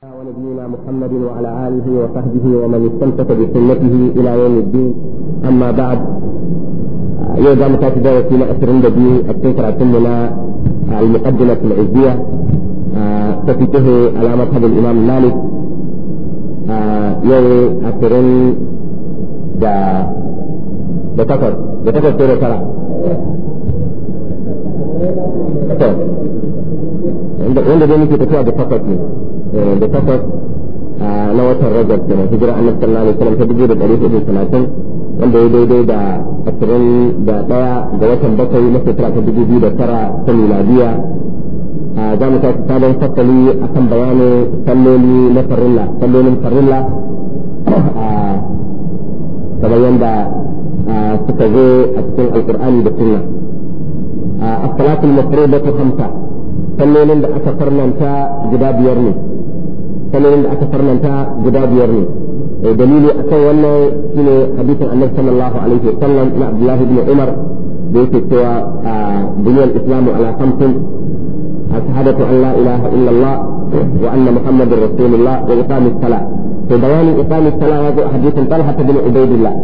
ونبينا محمد وعلى آله وصحبه ومن استمسك بسنته إلى يوم الدين أما بعد يرجع متاتبة وسيلة أسرين دبي التنكر أتمنا المقدمة العزية تفيته على مذهب الإمام مالك يوم أسرين دا دا تفر دا تفر عندك ترى عند عند دي نكي تفيها بفقط da takwas na watan Rajab kenan hijira Annabi na alaihi wasallam ta dubu da ɗari hudu talatin wanda ya daidai da ashirin da ɗaya ga watan bakwai na shekara ta dubu biyu da tara ta miladiya za mu tashi sabon fasali akan bayanin salloli na farilla sallolin farilla kamar yadda suka zo a cikin alkur'ani da sunna a salatul mafruḍatu khamsa sallolin da aka farlanta guda biyar ne فمن أكثر من تا جداد يرني إيه، دليل أكثر أنه في حديث عن صلى الله عليه وسلم مع عبد الله بن عمر بيت سوى آه، دنيا الإسلام على خمس الشهادة أن لا إله إلا الله وأن محمد رسول الله وإقام الصلاة في بيان إقام الصلاة آه، آه، هذا حديث طلحة بن عبيد الله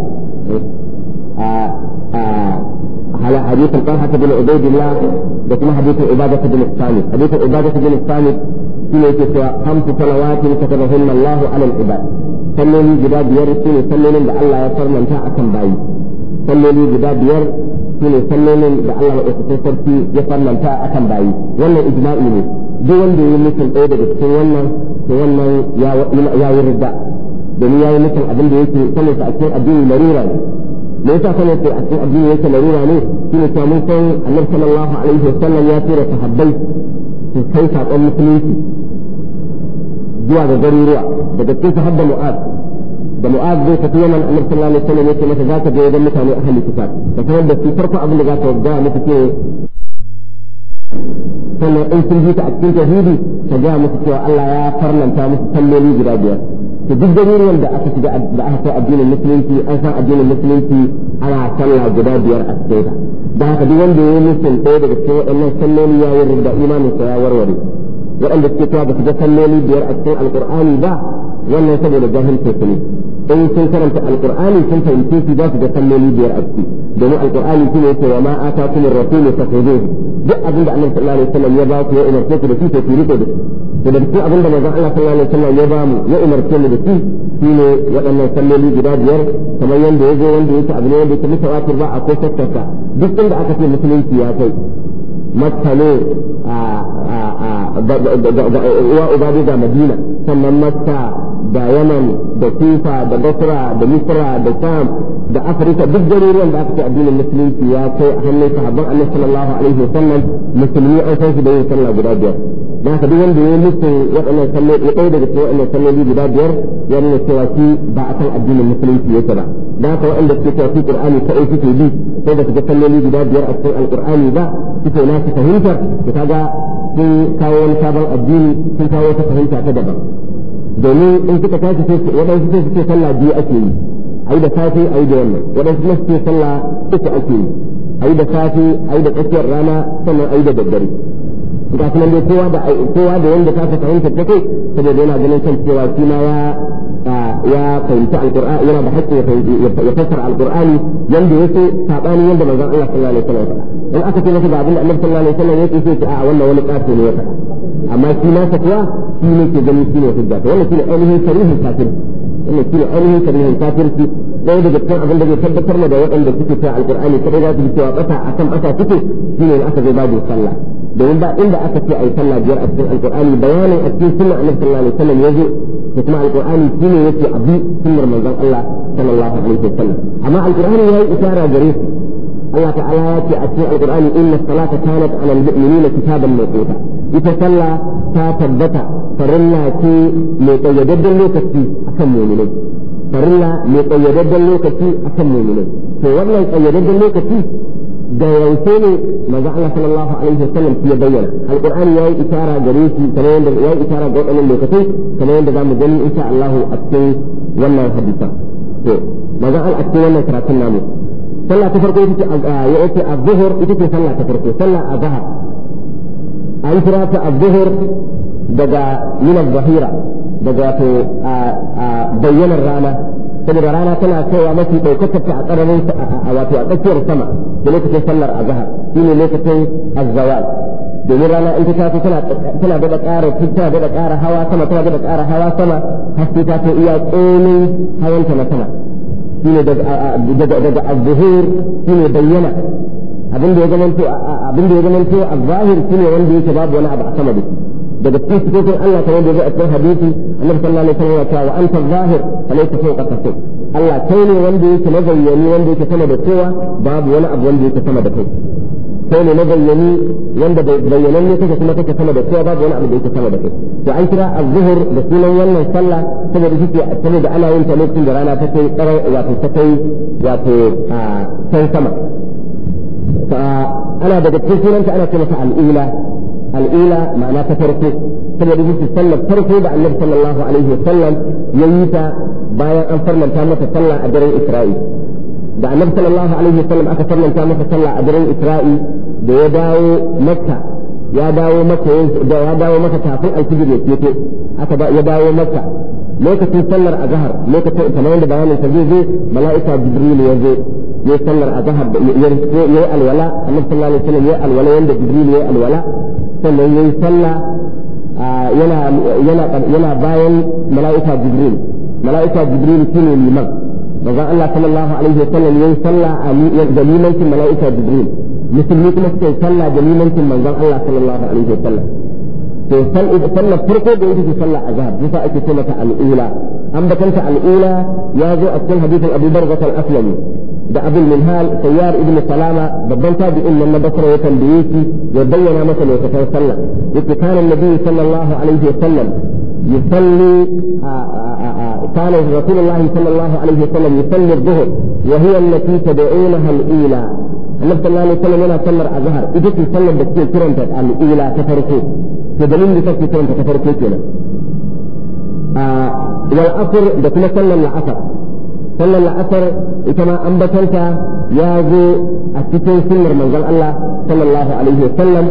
على حديث طلحة بن عبيد الله لكن حديث عبادة بن الثاني حديث عبادة بن الثاني shine yake cewa hamsu salawatin katabahunna Allahu alal ibad guda biyar shine sallolin da Allah ya farmanta akan bayi salloli guda biyar shine sallolin da Allah madaukakin sarki ya farmanta akan bayi wannan ijma'i ne duk wanda ya yi mutum ɗaya daga cikin wannan to wannan ya yi ridda domin ya yi mutum abin da yake sanin sa a cikin addini larura ne me yasa sanin sa a cikin addini yake larura ne shine ta mun san annabi sallallahu alaihi wasallam ya tura sahabbai su kai sakon musulunci zuwa ga garuruwa daga cikin su hadda mu'az da mu'az zai tafi yaman annabi sallallahu alaihi wasallam yake masa zaka je ga mutane ahli kitab ka kuma da su farko abin da zaka ga muku ce sannan in sun ji ta a cikin tauhidi ka ga musu cewa Allah ya farlanta musu salloli guda biyar to duk garuruwan da aka shiga da aka kai addinin musulunci an san addinin musulunci ana sallah guda biyar a cikin da haka duk wanda ya yi musu ɗaya daga cikin waɗannan salloli ya yi da imanin sa ya warware وقال الكتاب في جسم لي بير أكثر القرآن دا وانا يسبب لجاهل تسلي أي سنة أنت القرآن سنة يمتين في ذات جسم لي بير أكثر دماء القرآن يمتين يسوى ما آتاكم الرسول يستخدمه جاء أظن أن صلى الله عليه وسلم يضاك وإن أرسلت بسيطة في رتبه فإذا بسيء أظن أن صلى الله عليه وسلم يضام وإن أرسلت بسيطة فيما وأن يسمى لي جداد ير كما يندي يجي يندي يسعى بنيان بيتمي سواتر باع أقوى ستة بس تندع كثير مثلين سياسي makka ne ga uba ga madina sannan makka da yaman da kufa da basra da misra da sham da afirka duk garuruwan da aka ce addinin musulunci ya kai a hannun sahabban annabi sallallahu alaihi wa sallam musulmi an san su da yin sallah guda biyar da haka duk wanda ya yi musu waɗannan salloli ya ɗaya daga cikin waɗannan salloli guda biyar ya nuna cewa shi ba a kan addinin musulunci yake ba da haka waɗanda suke cewa shi qur'ani kai suke bi sai da suka salloli guda biyar a cikin alqur'ani ba suke na su fahimtar ka ga sun kawo wani sabon addini sun kawo wata fahimta ta daban domin in suka tashi sai waɗansu sai suke sallah biyu ake yi ai da safe ai da yamma waɗansu kuma suke sallah uku ake yi ai da safe ai da tsakiyar rana sannan ai da daddare ga kuma dai kowa da kowa da wanda ta fahimta take saboda yana ganin kan cewa shi ma ya وفهمت القرآن ولا بحكمه يفسر القرآن يندي يسوي تعبان يندي من قال الله صلى الله عليه وسلم الأخ في نفسه بعد الله صلى الله عليه وسلم يسوي يسوي تعبان ولا ولا قاتل يسوي أما في ناس كوا في ناس جميل في ناس جات ولا في أنه سريه قاتل ولا في أنه سريه قاتل في لا يوجد كان عند الذي سبب كرم دواء عند كتب في القرآن كتب هذا في سواء أتى أتم أتى كتب في الأخ في بعد الصلاة دون إن بعد أتى صلاة جاء في القرآن بيان أتى سنة النبي صلى الله يجي to kuma shi ne yake abu sunnar manzon Allah sallallahu alaihi wasallam amma alqur'ani yayi isara gare su Allah ta'ala ya ce a cikin alqur'ani inna salata kanat 'ala al-mu'minina kitaban mawquta ita sallah ta tabbata farilla ce mai kayyadaddan lokaci akan mu'minai farilla mai kayyadaddan lokaci akan mu'minai to wannan kayyadaddan lokaci da yaushe ne manzo Allah sallallahu alaihi wasallam ya bayyana alqur'ani yayi isara gare shi kamar yadda yayi isara ga wadannan lokacin kamar yadda zamu gani insha Allah a cikin wannan hadisan to manzo Allah a cikin wannan karatun namu sallah ta farko ita ce ya ce az-zuhr ita ce sallah ta farko sallah azhar an kira ta az-zuhr daga min az-zahira daga to bayyanar rana saboda rana tana kaiwa mafi ɗaukakar ta a tsararin a wato a tsakiyar sama da lokacin sallar azhar shine lokacin azzawal domin rana in ta taso tana tana da ƙara tana da ƙara hawa sama tana da ƙara hawa sama haske ta ta iya tsomin hawanta na sama shine daga daga azhur shine bayyana abin da ya zamanto abin da ya zamanto azzahir shine wanda yake babu wani abu a sama da shi daga cikin sifofin Allah kamar da zai a cikin hadisi annabi sallallahu alaihi wasallam ya ce wa anta zahir alayka fawqa kafik Allah kai ne wanda yake na bayyani wanda yake sama da kowa babu wani abu wanda yake sama da kai kai ne na bayyani wanda bayyanan ne kake kuma kake sama da kowa babu wani abu da yake sama da kai to an kira az-zuhur da sunan wannan sallah saboda shi ke da ana yin ta lokacin da rana ta kai karar wato ta kai wato can sama ana daga cikin sunanta ana ce masa al'ula الأولى معناها تفرقه كما يجب تصلى فرقه بعد النبي صلى الله عليه وسلم يويتا بايا أن فرنا تامة تصلى أدرين إسرائيل بعد النبي صلى الله عليه وسلم أكا فرنا تامة تصلى أدرين إسرائيل بيداو مكة يا داو مكة دا يا داو مكة تعفو الفجر يتيتو أكا يا داو مكة lokacin sallar a zahar lokacin kamar yadda bayanin ta zai mala'ika jibril ya zo ya sallar a zahar ya yi alwala annabi sallallahu alaihi wasallam ya alwala yanda jibril ya alwala sannan yayi sallah yana yana yana bayan mala'ika jibril mala'ika jibril shine liman manzo Allah sallallahu alaihi wasallam yayi sallah da limancin mala'ika jibril musulmi kuma suka yi sallah da limancin manzon Allah sallallahu alaihi wasallam فل فل فرقه بيجي في عذاب دفاع كتلة الأولى أم بكتلة الأولى يازو أقول حديث أبو برزة الأسلمي ده أبو المنهال سيار ابن السلامة ببنتا بإن لما بكر يتنبيتي يبين مثلا يتفصل كان النبي صلى الله عليه وسلم يصلي آه، آه، آه، كان رسول الله صلى الله عليه وسلم يصلي الظهر وهي التي تدعونها الأولى النبي صلى الله عليه وسلم هنا صلر أظهر إذا تصلب بكتير كرم تتعلم إلى كفركوت إيه تدلين لكفر كرم تكفركوت هنا إلى الأصر آه، بكنا صلى الله عليه وسلم صلى الله عليه العصر كما أنبتلك يا ذو أكتين سنر من قال الله صلى الله عليه وسلم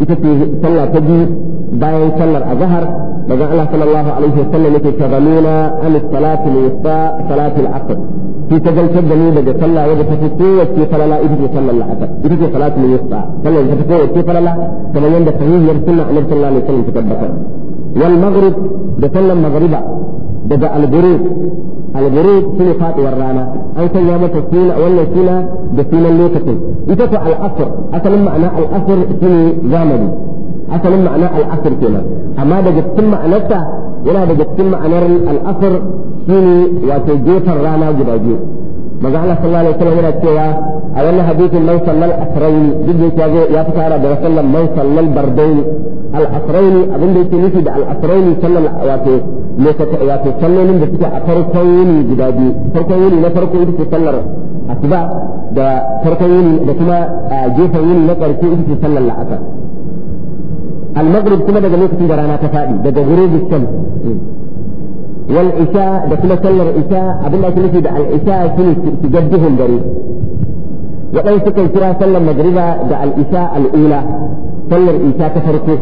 إذا صلى تجي صلى الله عليه وسلم قال الله صلى الله عليه وسلم إذا تغمينا عن الصلاة الوسطى صلاة العصر sai ta galtar da ni daga sallah wadda ta fi kowace falala ita ce sallar la'asar ita ce salatu ne yusfa sallar ta fi kowace falala kamar yadda sahihiyar sunna annabi sallallahu alaihi wasallam ta wal maghrib da sallar maghriba daga al-ghurub al-ghurub shine faduwar rana an sanya mata suna wannan suna da sunan lokacin ita ta al-asr asalin ma'ana al-asr zamani asalin ma'ana al-asr amma daga cikin ma'anarsa yana daga cikin ma'anar al'asar shine wato gefen rana guda biyu maza Allah sallallahu alaihi wasallam yana cewa a wannan hadisin man sallal asraini duk da yake ya fi tara daga sallan man sallal bardaini al asraini abin da yake nufi da al asraini sallan wato wato sallolin da suke a farkon yini guda biyu farkon yini na farko ita ce sallar asuba da farkon yini da kuma gefen yini na ƙarshe ita ce sallar la'asar المغرب كما دقا لوكتي درانا تفادي دقا غروب الشمس والعشاء da kuma sallar isha abin da ake nufi da al'isha shine dare waɗansu sukan kira sallar magriba da al'isha al'ula sallar isha ta farko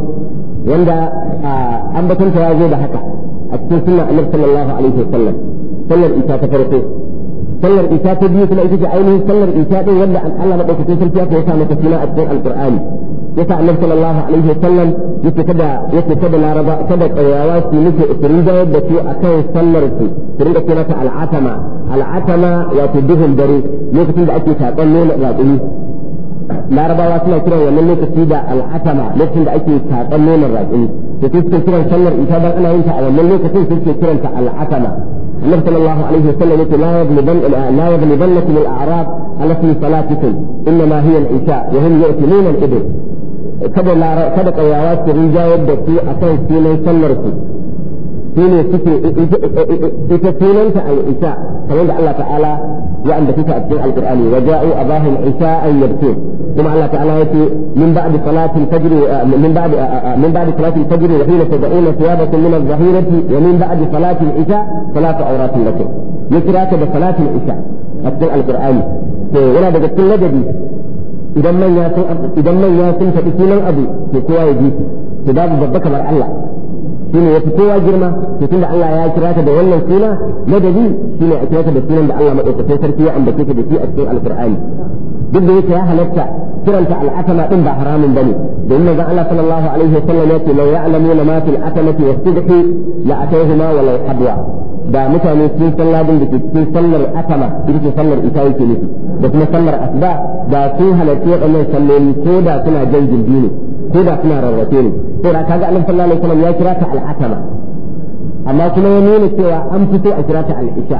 wanda ambatonta ya zo haka a cikin sallar isha ta farko sallar isha ta biyu kuma ita ainihin sallar isha din wanda Allah madaukakin sarki ya sa suna a cikin يتعلم صلى الله عليه وسلم يتكدى يتكدى نارضا كدى قياواتي نسي اتريد يدتي اكاو سلرتي تريد اتنات العتمة العتمة يتده البري يتكدى اكي تاقل نون الرابعي نارضا واسنا كرا ومن يتكدى العتمة يتكدى اكي تاقل نون الرابعي تتكدى كرا سلر اتابا انا انت على من يتكدى كرا العتمة النبي صلى الله عليه وسلم يقول لا يغلبنكم الاعراب التي صلاتكم انما هي العشاء وهم يؤتمون الابل kada kada ƙauyawa su rinjayar da ku akan sunan sallar ku shi ne suke ita sunanta al-isha kamar da Allah ta'ala ya ambace ta a cikin alqur'ani wa ja'u abahum isha an yabtun kuma Allah ta'ala yace min ba'di salatin tajri min ba'di min ba'di salatin tajri wa hina tad'una thiyabatan min adh-dhahirati wa min ba'di salatin isha salatu awratin lakum yakira ta da salatin isha a cikin alqur'ani to yana daga cikin ladabi idan man ya sun faɗi sunan abu to kowa ya ji shi to babu babba kamar Allah ne yafi kowa girma to tunda Allah ya kira ta da wannan suna ladabi ne a kira ta da sunan da Allah madaukakin sarki ya ambace ta da shi a cikin alqur'ani duk da yake ya halatta kiranta al'atama din ba haramun bane domin manzon Allah sallallahu alaihi wa wasallam ya ce law ya'lamuna ma fil atamati wasdhi la atayhima wa law da mutane sun salladin da ke cikin sallar atama ita ce sallar ita yake nufi da kuma sallar asuba da sun halarci waɗannan salloli ko da suna jan jirgi ne ko da suna rarrafe ne to da kaga annabi sallallahu alaihi wasallam ya kira ta al'atama amma kuma ya nuna cewa an fito a kira ta al'isha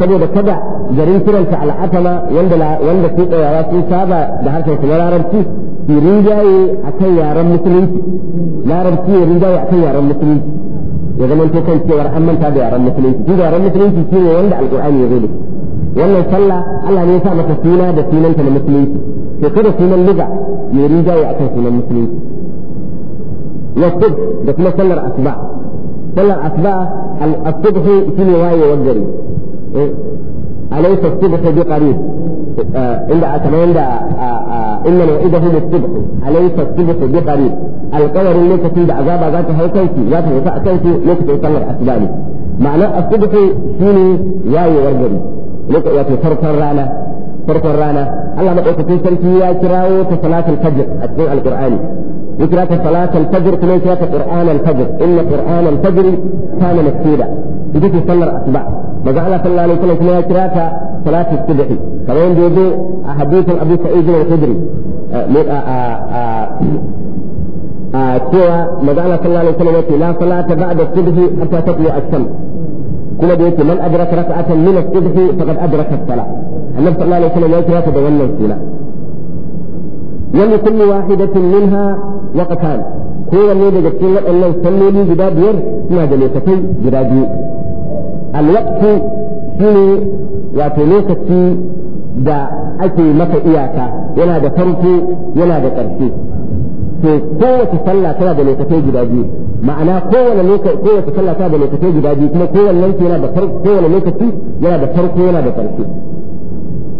saboda kada garin kiranta al'atama wanda wanda su tsayawa sun saba da harkar su na larabci su rinjaye akan yaren musulunci larabci ya rinjaye akan yaren musulunci ya zama to kan cewar an manta da yaren musulunci duk yaren musulunci shine wanda alqur'ani ya zo da wannan sallah Allah ne ya sa maka suna da sunanta na musulunci to kada sunan liga ya riga ya akan sunan musulunci wasbuk da kuma sallar asuba sallar asuba al-asbuk shi ne waye wa gari eh, alaysa asbuk bi qarib eh, inda kamar inda inna wa'idahu asbuk alaysa asbuk bi qarib alqawrin lokacin da azaba za ta haukan ki za ta haka akan ki lokacin sallar asuba ne ma'ana asbuk shi ne waye gari wato farkon rana farkon rana Allah madaukakin sarki ya kirawo ta salatul fajr a cikin alqur'ani ya kira ta salatul fajr kuma ya kira ta qur'anul fajr inna qur'anul fajr kana masuda ita ce sallar asuba maza Allah sallallahu alaihi wasallam kuma ya kira ta salatul subhi kamar yadda yazo a hadithin Abu Sa'id al-Khudri cewa maza Allah sallallahu alaihi wasallam ya ce la salata ba'da subhi hatta tatlu as-shams kuma da yake man adraka raka'atan min as-subhi faqad adraka as-salah annabi sallallahu alaihi wasallam ya kira ta da wannan suna wani kulli wahidatin minha waqtan kowanne daga cikin waɗannan salloli guda biyar suna da lokacin guda biyu alwaqtu shine wato lokaci da ake maka iyaka yana da farko yana da ƙarshe to kowace sallah tana da lokacin guda biyu ma'ana kowane lokaci kowace sallah tana da lokacin guda biyu kuma kowanne yana da farko kowane lokaci yana da farko yana da farko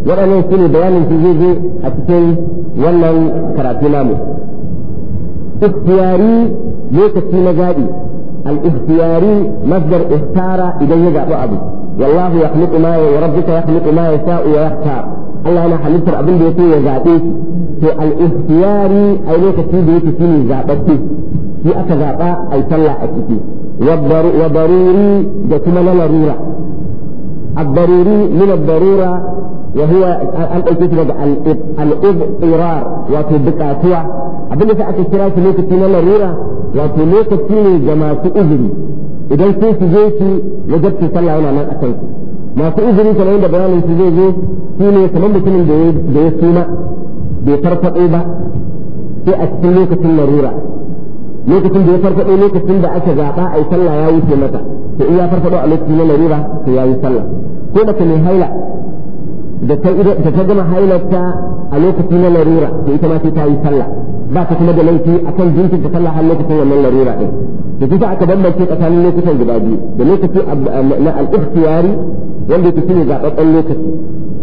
waɗannan su ne bayanin su zai zo a cikin wannan karatu namu ikhtiyari lokaci na zaɓi al-ikhtiyari masdar ihtara idan ya zaɓi abu wallahu yakhluqu ma wa rabbuka yakhluqu ma yasha'u wa yahtar الله أنا حليتر أبن بيتي وزعبي في الاختيار أي ليك في بيتي في زعبتي في أكذابا أي تلا أكتي وضروري جتما لنرورة الضروري من الضرورة وهو أن أتيت لك الإضطرار وتبقى سوى أبن لك أكثر في ليك في لنرورة وتبقى سوى جماعة أذري إذا كنت جيتي وجبت تلا هنا من أكثر masu izini kamar yadda bayanin su zai zo shi ne kamar mutumin da ya suma bai farfaɗo ba sai a cikin lokacin larura lokacin da ya farfaɗo lokacin da aka zaɓa a yi sallah ya wuce mata to in ya farfaɗo a lokacin na larura to ya yi sallah ko mace mai haila da ta gama hailarta a lokacin na larura to ita ma sai ta yi sallah ba ta kuma da laifi a kan ta sallah har lokacin wannan larura din da kusa aka bambance tsakanin lokutan guda biyu da lokacin na al-ikhtiyari wanda yake shine zaɓaɓɓen lokaci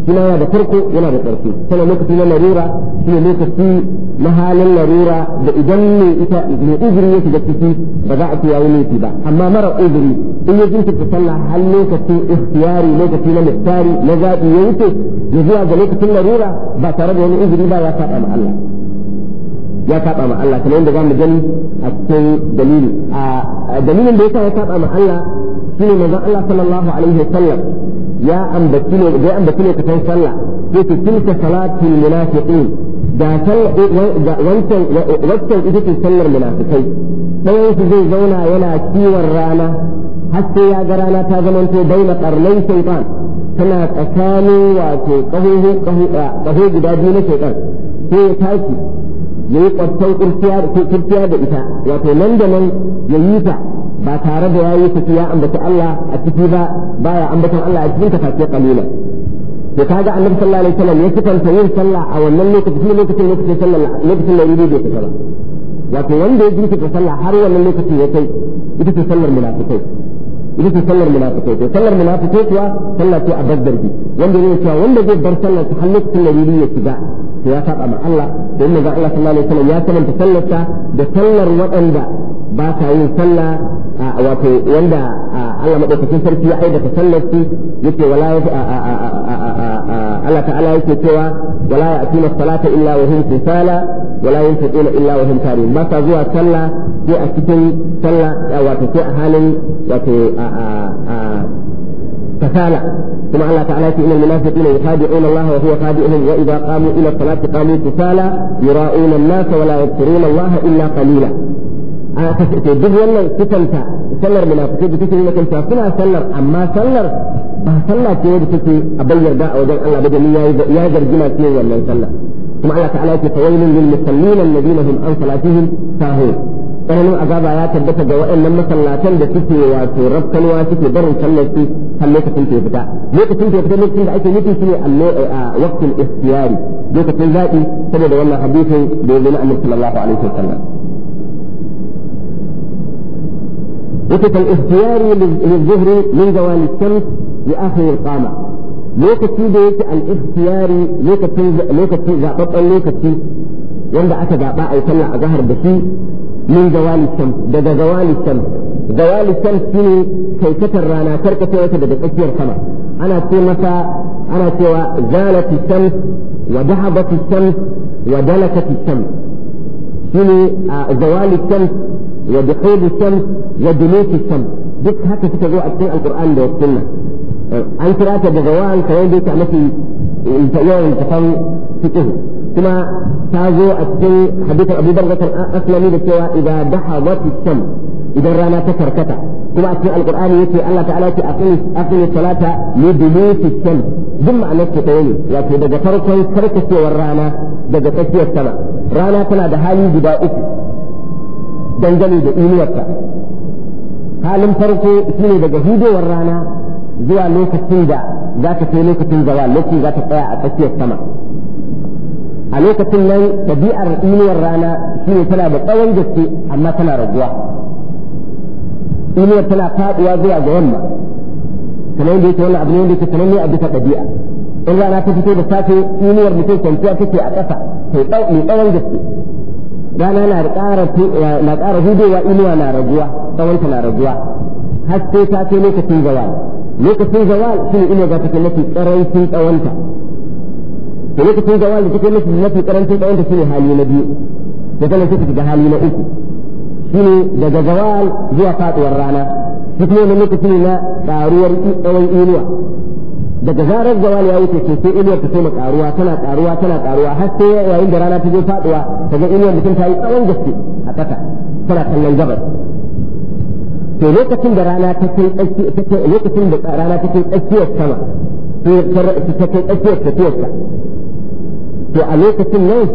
shi ma yana da farko yana da ƙarfi tana lokaci na larura shine ne lokaci na halin larura da idan mai ita mai uzuri ya da ciki ba za a ce yayi laifi ba amma mara uzuri in ya ta sallah har lokacin ikhtiyari lokaci na muftari na zaɓi ya wuce ya zuwa ga lokacin larura ba tare da wani uzuri ba ya saɓa ma Allah ya saɓa ma Allah kamar yadda za mu gani a cikin dalili a dalilin da ya sa ya saɓa ma Allah shine manzon Allah sallallahu alaihi wasallam ya ambaci ne da ambaci ne sallah sai ce tilka salatul munafiqin da wancan wancan ita ce sallar munafikai ɗayan su zai zauna yana kiwon rana har sai ya ga rana ta zamanto baina qarnai shaytan tana tsakanin wato kaho kaho guda biyu na shaytan sai ya tashi ya yi kwastan kurciya da ita wato nan da nan ya yi ta ba tare da yayi saki ya ambaci Allah a ciki ba baya ambatan Allah a cikin tafafiya kalila to kaga annabi sallallahu alaihi wasallam ya kitanta yin sallah a wannan lokacin kuma lokacin lokacin sallah lokacin da yuri bai fita ba wato wanda ya jinkirta sallah har wannan lokacin ya kai ita ce sallar munafikai ita ce sallar munafikai to sallar munafikai kuwa sallah ce a bi wanda ne cewa wanda zai bar sallar ta har lokacin da yuri ya shiga to ya saba ma Allah da don manzon Allah sallallahu alaihi wasallam ya kamanta sallarta da sallar waɗanda ba yin sallah wato wanda Allah madaukakin sarki ya aidata sallar yake wala Allah ta'ala yake cewa wala ya'tuna salata illa wa hum kusala wala illa wa hum karim ba sa zuwa sallah sai a cikin sallah wato sai a halin wato kasala ثم الله تعالى إن المنافقين يخادعون الله وهو خادعهم وإذا قاموا إلى الصلاة قاموا كسالى يراؤون الناس ولا يذكرون الله illa قليلا to duk wannan kitanta sallar munafikai da take nuna ta suna sallar amma sallar ba sallah ce wadda take a bayyar da a wajen Allah ba domin ya zargi masu yin wannan sallar kuma Allah ta'ala ya ce fawailun lil musallin alladhina hum an salatihim sahun tsananin azaba ya tabbata ga waɗannan masallatan da suke wato rabkanwa suke barin sallar su har lokacin ta fita lokacin ta fita lokacin da ake nufi shine a waqtul ikhtiyari lokacin zaɓi saboda wannan hadisin da ya zo annabi sallallahu alaihi wasallam بكت الاختياري للظهر من زوال الشمس لآخر القامة لوكتي ديك الاختياري لوكتي لوكتي لوكتي wanda aka zaɓa a yi sallah a zahar da shi min zawali shams daga zawali shams zawali shams shine kaikatar rana karkace wata daga tsakiyar kama ana ce masa ana cewa zalati shams wa dahabati shams wa shine zawali ودخول الشمس ودنوك الشمس duk haka suka zo a cikin alkur'an da sunna an kira ta da zawal kamar da ta mafi yawan tafan kuma ta zo a cikin hadithin Abu Bakar al-Aslami da cewa idan dahabat sham idan rana ta karkata kuma a cikin alkur'ani yace Allah ta'ala yace aqim salata li duluki sham duk ma'anar ta ne wato daga farkon karkacewar rana daga tsakiyar sama rana tana da hali guda uku dangane da inuwarta halin farko shine daga hidowar rana zuwa lokacin da za ta kai lokacin zawa lokacin za ta tsaya a tsakiyar sama a lokacin nan ɗabi'ar inuwar rana shine tana da tsawon gaske amma tana raguwa inuwar tana faɗuwa zuwa ga yamma kamar yadda yake wannan abu ne wanda yake ne a bisa ɗabi'a in rana ta fito da safe inuwar mutum kwanciya take a ƙasa mai tsawon gaske rana na ƙara na ƙara hudowa inuwa na raguwa tsawonta na raguwa har sai ta kai lokacin zawal lokacin zawal shine ina ga ta kai mafi ƙarancin tsawonta da lokacin zawal da take mafi mafi ƙarancin tsawonta shine hali na biyu da kana sai ga hali na uku shine daga zawal zuwa faduwar rana shi kuma lokacin na ƙaruwar tsawon inuwa daga zarar zawali ya wuce sai inuwar ta taimaka karuwa tana karuwa tana karuwa har sai yayin da rana ta je faduwa daga inuwar mutum ta yi tsawon gaske a ƙasa tana kallon gabas to lokacin da rana ta kai lokacin da rana ta kai tsakiyar sama sai ta kai tsakiyar tafiyarta to a lokacin nan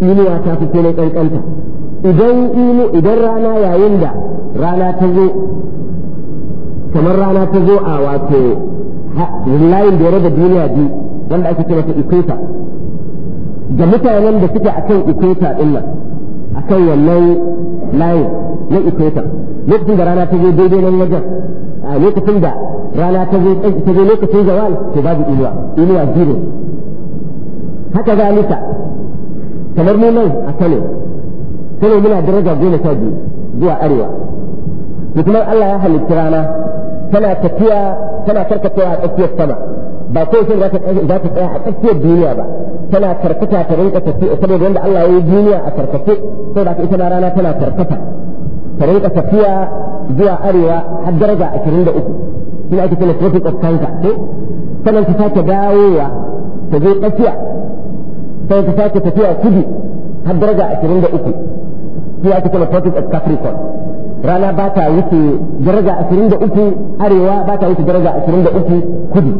inuwa ta fi komai kankanta idan inu idan rana yayin da rana ta zo kamar rana ta zo a wato layin da ya raba duniya biyu wanda ake kira ta ikweta da mutanen da suke akan ikweta din nan akan wannan layin na ikweta lokacin da rana ta zo daidai nan wajen a lokacin da rana ta zo eh, ta zo lokacin zawal to babu inuwa inuwa zero haka zalika kamar mu nan a Kano Kano muna daraja goma sha biyu zuwa arewa to kuma Allah ya halitta rana tana tafiya tana karkatawa a tsakiyar sama ba ko sai za ta tsaya a tsakiyar duniya ba tana karkata ta rinka tafiya saboda wanda Allah ya yi duniya a karkace sai da ita rana tana karkata ta rinka tafiya zuwa arewa har daraja 23 ina ake cewa tropic of cancer ko sannan ta sake dawowa ta je tsakiya sai ta sake tafiya kudu har daraja 23 ina ake cewa tropic of capricorn rana ba ta wuce daraja da uku arewa ba ta wuce daraja da uku kudu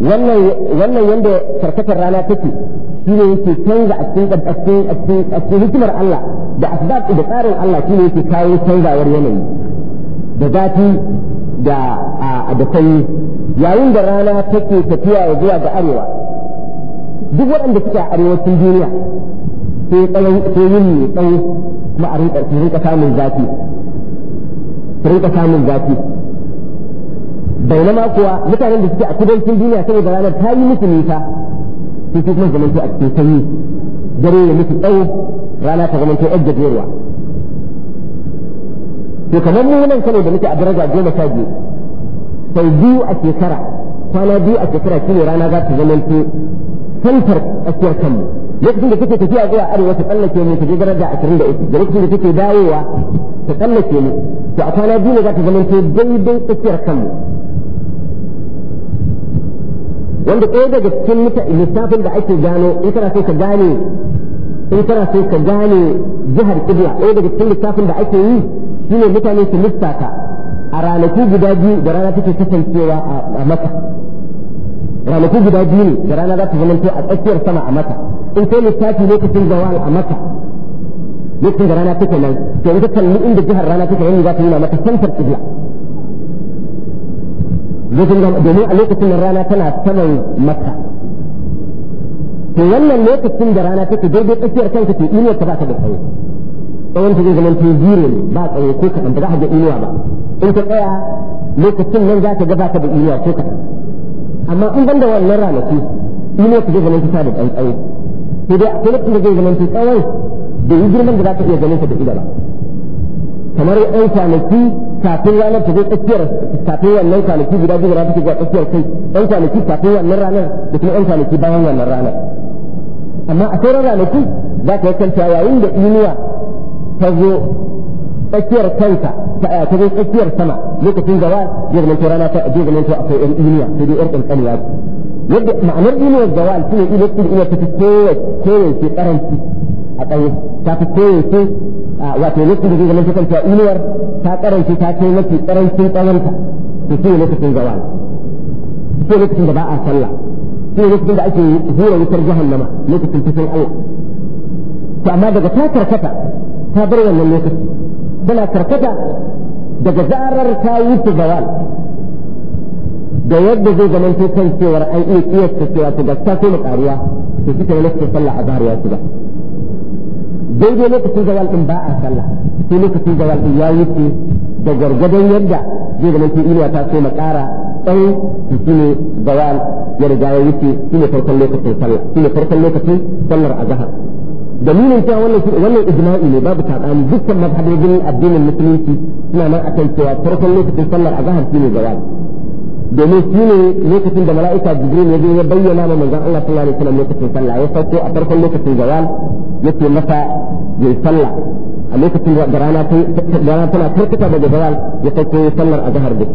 wannan wannan yanda karkatar rana take ne yake canza a cikin a hikimar Allah da asbab da tsarin Allah ne yake kawo canzawar yanayi da zafi da da sanyi yayin da rana take tafiya ya zuwa ga arewa duk waɗanda suke a arewacin duniya sai yin mai tsawo kuma a rinka samun zafi su rinka samun zafi bainama kuwa mutanen da suke a kudancin duniya da ranar ta yi musu nisa sai su kuma zamanto a cikin sanyi dare ya musu tsawo rana ta zamanto yar gajeruwa to kamar mu nan kano da muke a daraja goma sha biyu sau biyu a shekara kwana biyu a shekara shine rana za ta zamanto santar tsakiyar kanmu lokacin da kake tafiya zuwa arewa ta tsallake ne ta je daraja ashirin da lokacin da kake dawowa ta tsallake ne to a kwana biyu ne za ta zama to daidai tsakiyar kanmu wanda ɗaya daga cikin lissafin da ake gano in kana so ka gane in kana so ka gane jihar kibla ɗaya daga cikin lissafin da ake yi shine mutane su lissafa a ranaku guda biyu da rana take kasancewa a maka ranaku guda biyu ne da rana za ta zama a tsakiyar sama a maka in kai lissafi lokacin zawal a maka lokacin da rana take nan to wata kalli inda jihar rana take yanni za ta nuna maka santar kibla domin a lokacin rana tana saman maka to wannan lokacin da rana take daidai tsakiyar kanka ke inuwar ta ba ta da tsawo tsawon ta zai zama ta zero ne ba tsaye ko kaɗan ba za ka ga inuwa ba in ka tsaya lokacin nan za ka ga ba ka da inuwa ko kaɗan amma in ban banda wannan ranaki inuwar ta zai zama ta da ɗan tidak sulit akwai lokacin da zai zama kawai da yi girman da za ka iya ganin ta da ido ba kamar yan kwanaki kafin ranar ta zo tsakiyar kafin wannan kwanaki guda biyu da take satu yang merana ranar da kuma yan kwanaki bayan ranar amma a sauran ranaki za ka yakanta yayin da inuwa ta zo tsakiyar kanka ta ta sama lokacin gaba zai zama rana ta zai zama akwai yan inuwa sai dai yan yadda ma'anar ilimin zawal shine ila ila ta kowa kowa ce karanci a tsaye ta fi kowa ce wato lokacin da zai zama kanta inuwar ta karanci ta kai mafi karancin tsawonta to shi ne lokacin zawal shi lokacin da ba a sallah shi lokacin da ake hura wutar jahannama lokacin cikin Allah to amma daga ta karkata ta bar wannan lokaci tana karkata daga zarar ta wuce zawal da yadda zai zama to kan cewar an iya kiyasta cewa to gaskiya ko mu ƙaruwa to shi kenan lokacin sallah a zahar ya shiga daidai lokacin zawal din ba a sallah sai lokacin zawal din ya wuce da gargadon yadda zai zama to inuwa ta so mu ƙara ɗan shi ne zawal ya riga ya wuce shi ne farkon lokacin sallah shi ne farkon lokacin sallar a zahar dalilin cewa wannan wannan ijma'i ne babu tabani dukkan mazhabin addinin musulunci suna nan akan cewa farkon lokacin sallar a zahar shi ne zawal دمسينه لوكتين بملائكة جبريل يجي يبين لنا من الله صلى الله عليه وسلم لوكتين صلى الله عليه وسلم أترك لوكتين جوال يتي مسا يصلى لوكتين جرانا في جرانا في أترك تبع جوال يتي يصلى أظهر بك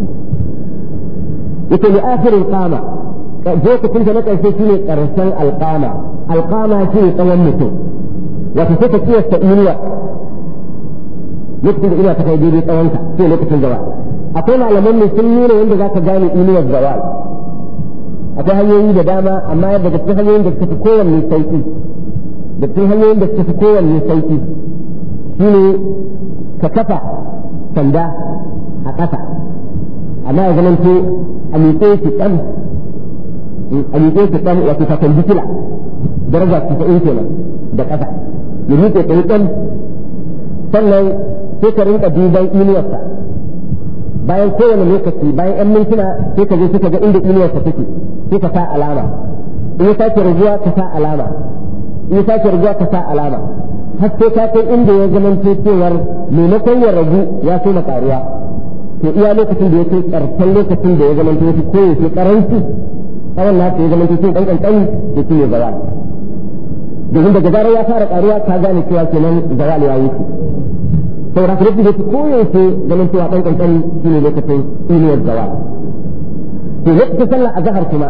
يتي لآخر القامة جوك في جنات الفسيل الرسل القامة القامة هي تلمته وتفتت فيها التأمينية يكتب إلى تخيدي بيتوانسا في لوكتين جوال akwai malaman ne sun nuna yadda za ka gane inuwar zawal akwai hanyoyi da dama amma daga cikin hanyoyin da suka fi kowanne sauki da cikin hanyoyin da suka fi kowanne sauki shine ka kafa sanda a ƙasa amma ya zama ko a miƙe ki ɗan a miƙe ki ɗan wato ka kalli kila daraja ki ta nan da ƙasa ya miƙe ka ɗan sannan sai ka rinka duban inuwarsa bayan kowane lokaci bayan yan mintuna sai ka zo sai ka ga inda inuwar ka take sai ka sa alama in ya sake rubuwa ka sa alama in ya sake rubuwa ka sa alama har sai ka kai inda ya zama cewar maimakon ya ragu ya so karuwa to iya lokacin da ya kai karshen lokacin da ya zama to ko ya ce karanci tsawon nasa ya zama to sai dan kankani ya ke ya zawa domin daga zarar ya fara karuwa ka gane cewa kenan zawa ya yi. saboda ka yake yake koyaushe ganin cewa ɗan ƙanƙani shi ne lokacin iliyar gawa to lokacin sallar azhar kuma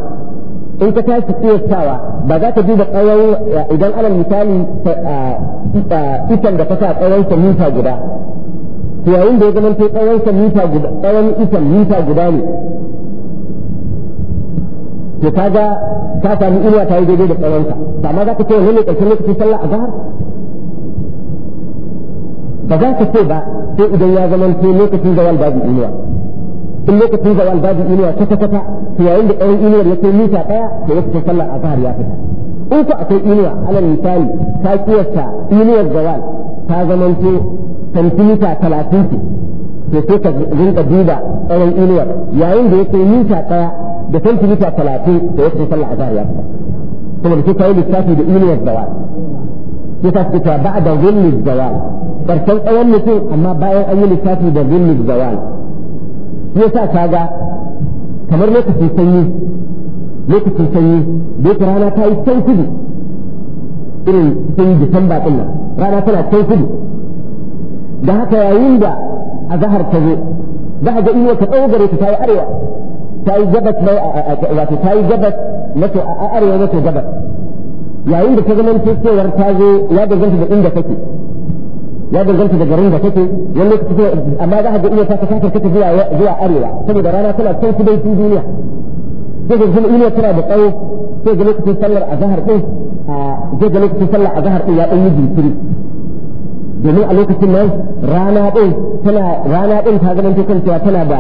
in ka tashi kiyartawa ba za ka duba tsawon idan alal misali itan da ka sa tsawon sa mita guda to yayin da ya zama to tsawon sa mita guda tsawon itan mita guda ne to kaga ka sami iliya ta yi daidai da tsawon sa amma za ka ce wani ne ƙarshen lokacin sallar azhar ba za ka ce ba sai idan ya zama zamanto lokacin zawal babu inuwa in lokacin zawal babu inuwa kwata kwata to yayin da ɗayan inuwar ya kai mita ɗaya da wasu sallar zahar ya fita in ku akwai inuwa alal misali ta kiyasta inuwar zawal ta zamanto santimita talatin ce to sai ka rinka duba tsawon inuwar yayin da ya kai mita ɗaya da santimita talatin da wasu sallar zahar ya fita saboda sai ka yi lissafi da inuwar zawal fita ba a da zulmi zawal karshen tsawon mutum amma bayan an yi lissafi da zulmi zawal yasa kaga kamar lokacin sanyi lokacin sanyi da yake rana ta yi can kudu irin cikin disamba din nan rana tana can kudu da haka yayin da a zahar ta zo za ga inuwa ta tsawo gare ta ta yi arewa ta yi gabas wato ta yi gabas mato a arewa mato gabas yayin da ta zama cewar ta zo ya danganta da inda take يادل جنتي بجرين بكتي يلي كتبه أما جاهد إليه ساكا ساكا كتب زيا زيا أريلا سمي درانا كلا كيف بي في دينيا جيد جل إليه كلا بقوه جيد جل إليه كتب سلر أزهر إيه جيد جل إليه كتب سلر أزهر إيا أي جل سري جميع الوقت سنان رانا إيه كلا رانا إيه هذا من تكن سيا كلا با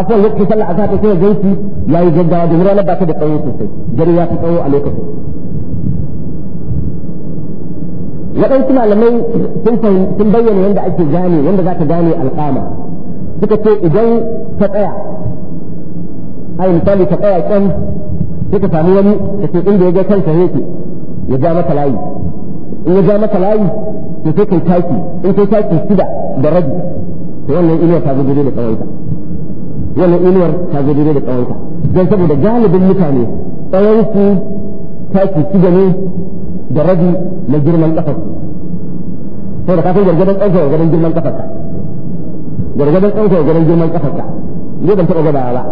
أفو الوقت سلر أزهر إيه جيسي يا إيه جل دوا جمرانا باكد قوه في قوه الوقت سنسي waɗansu malamai sun bayyana yadda ake gane wanda za ka gane alƙama suka ce idan ta tsaya ai misali ta tsaya kyan sai ka samu wani da ke inda ya ga kansa yake ya ja maka layi in ya ja maka layi to sai kai taki in kai taki shida da rabi to wannan inuwar ta zo daidai da tsawonka wannan inuwar ta zo daidai da tsawonka don saboda galibin mutane tsawonsu taki shida ne da rabi na girman kafar sai da kafin gargadon kansa gargadan girman kafar ka gargadon kansa gargadan girman kafar ka ne ban taɓa gaba ba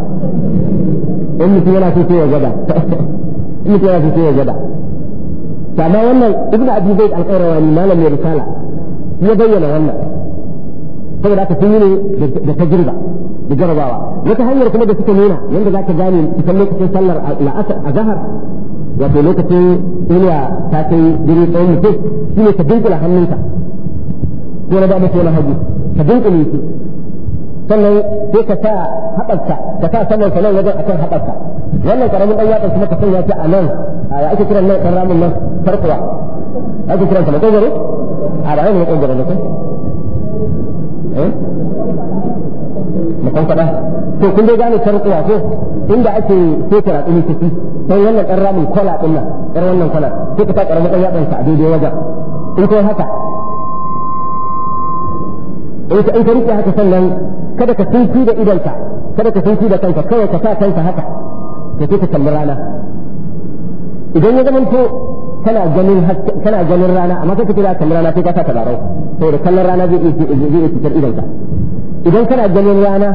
in mutum yana so sai ya gaba in mutum yana so sai ya gaba amma wannan ibnu abi zaid al-qayrawani malam ya risala ya bayyana wannan saboda aka sun yi ne da tajriba da jarabawa wata hanyar kuma da suka nuna yanda za ka gane kusan lokacin sallar a zahar wato lokacin inuwa ta kai dare tsawon mutum shi ne ka dinkula hannunka ko na dama ko na hagu ka dinkule shi sannan sai ka sa haɓarka ka sa saman ka wajen wajen akan haɓarka wannan ƙaramin ɗan yatsa kuma ka sanya shi a nan a ya ake kiran nan ɗan ramin nan farkuwa ake kiran sa makogoro a ba yanzu makogoro ne kai eh makon kaɗa to kun dai gane farkuwa ko inda ake fetar a ɗin kuɗi don wannan ɗan ramin kwala ɗin nan ɗan wannan kwala sai ka sa ƙaramin ɗan ɗansa a daidai wajen in kai haka in ka rike haka sannan kada ka fi da idonka kada ka fi da kanka kawai ka sa kanka haka da sai ka kalli rana idan ya zama to kana ganin kana ganin rana amma kai kake da kallon rana sai ka sa tabarau saboda kallon rana zai iya zai iya fitar idonka idan kana ganin rana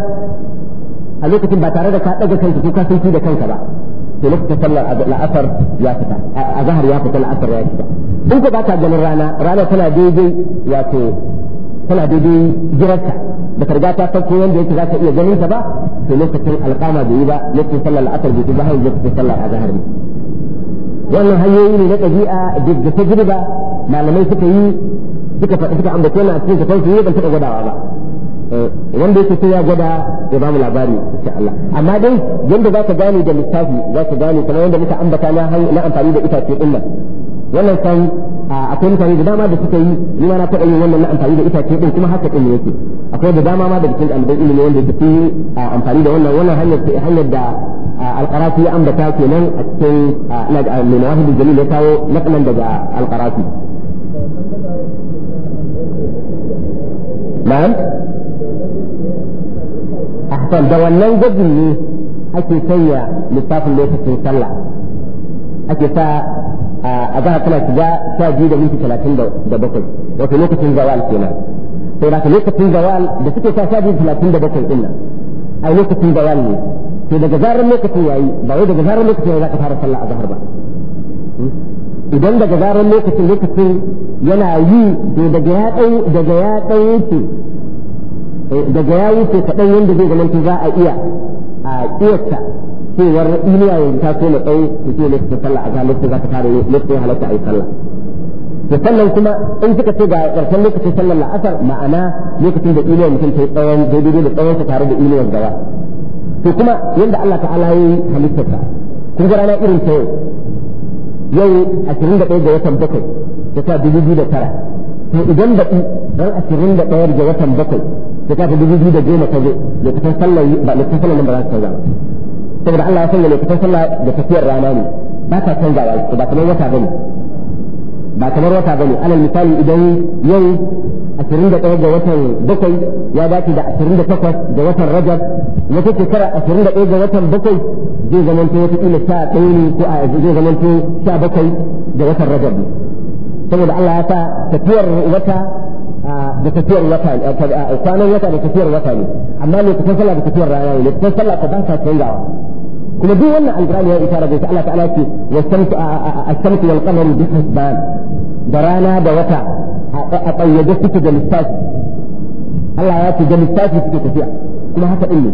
a lokacin ba tare da ka ɗaga kanka ko ka sauki da kanka ba to lokacin sallar la'asar ya fita a zahar ya fita la'asar ya fita in ko ba ta ganin rana rana tana daidai wato tana daidai jirarta ba ta riga ta sauko yanda yake za ka iya ganin ta ba to lokacin alƙama bai yi ba lokacin sallar la'asar bai yi ba har lokacin sallar zahar ne wannan hanyoyi ne na ɗabi'a da ta ba malamai suka yi suka faɗi suka ambace na cikin kafin su yi ban taɓa gwadawa ba Eh, wanda yake sai ya gwada ya mu labari insha Allah amma dai yanda za ka gane da littafi za ka gane kuma yanda muka ambata na na amfani da itace din nan wannan san akwai mutane da dama da suka yi ni ma na faɗa yin wannan na amfani da itace din kuma haka din yake akwai da dama ma da cikin ɗaliban ilimi wanda suke yi amfani da wannan wannan hanyar hanyar da alqarafi ya ambata kenan a cikin mai mawahidul jalil ya kawo naqlan daga alqarafi na'am afwan da wannan gwajin ne ake sanya littafin lokacin sallah ake sa a zaha tana shiga sha biyu da minti talatin da bakwai wato lokacin zawal kenan sai da lokacin zawal da suke sa sha biyu talatin da bakwai din nan a lokacin zawal ne sai daga zarar lokacin yayi ba wai daga zarar lokacin yayi za ka fara sallah a zahar ba idan daga zarar lokacin lokacin yana yi daga ya ɗau daga ya ɗau yake Eh, daga ya wuce kaɗan yadda zai zamanta za a iya a ƙiyarta cewar duniya yanzu ta so na tsaye ta ce lokacin sallah a ga lokacin za ka tare lokacin halatta a yi sallah to sallan kuma in suka ce ga ƙarshen lokacin sallar la'asar ma'ana lokacin da duniya mutum ta yi tsawon daidai da tsawon sa tare da iliyar gaba to kuma yadda Allah ta'ala ya halitta halittarsa kun ga rana irin ta yau yau ashirin da ɗaya ga watan bakwai ta sa dubu biyu da tara to idan da ɗan ashirin da ɗaya ga watan bakwai shekara ta dubu biyu da goma ta zo lokacin sallar ba lokacin sallar nan ba za ta canza saboda Allah ya sanya lokacin sallah da tafiyar rana ne ba ta canzawa ba kamar wata bane ba kamar wata bane alal misali idan yau 21 ga watan bakwai ya dace da 28 ga watan rajab wata shekara 21 ga watan bakwai zai zamanto wata kila sha ɗaya ne ko a zai zamanto sha bakwai ga watan rajab ne saboda Allah ya sa tafiyar wata da tafiyar wata kwanan wata da tafiyar wata ne amma ne kusan sallah da tafiyar rana ne kusan sallah ko ba sa yawa. kuma duk wannan alqur'ani ya isharar da Allah ta'ala ce a as-samtu wal qamaru bi hisban da rana da wata a kayyade suke da lissafi Allah ya ce da lissafi suke tafiya kuma haka din ne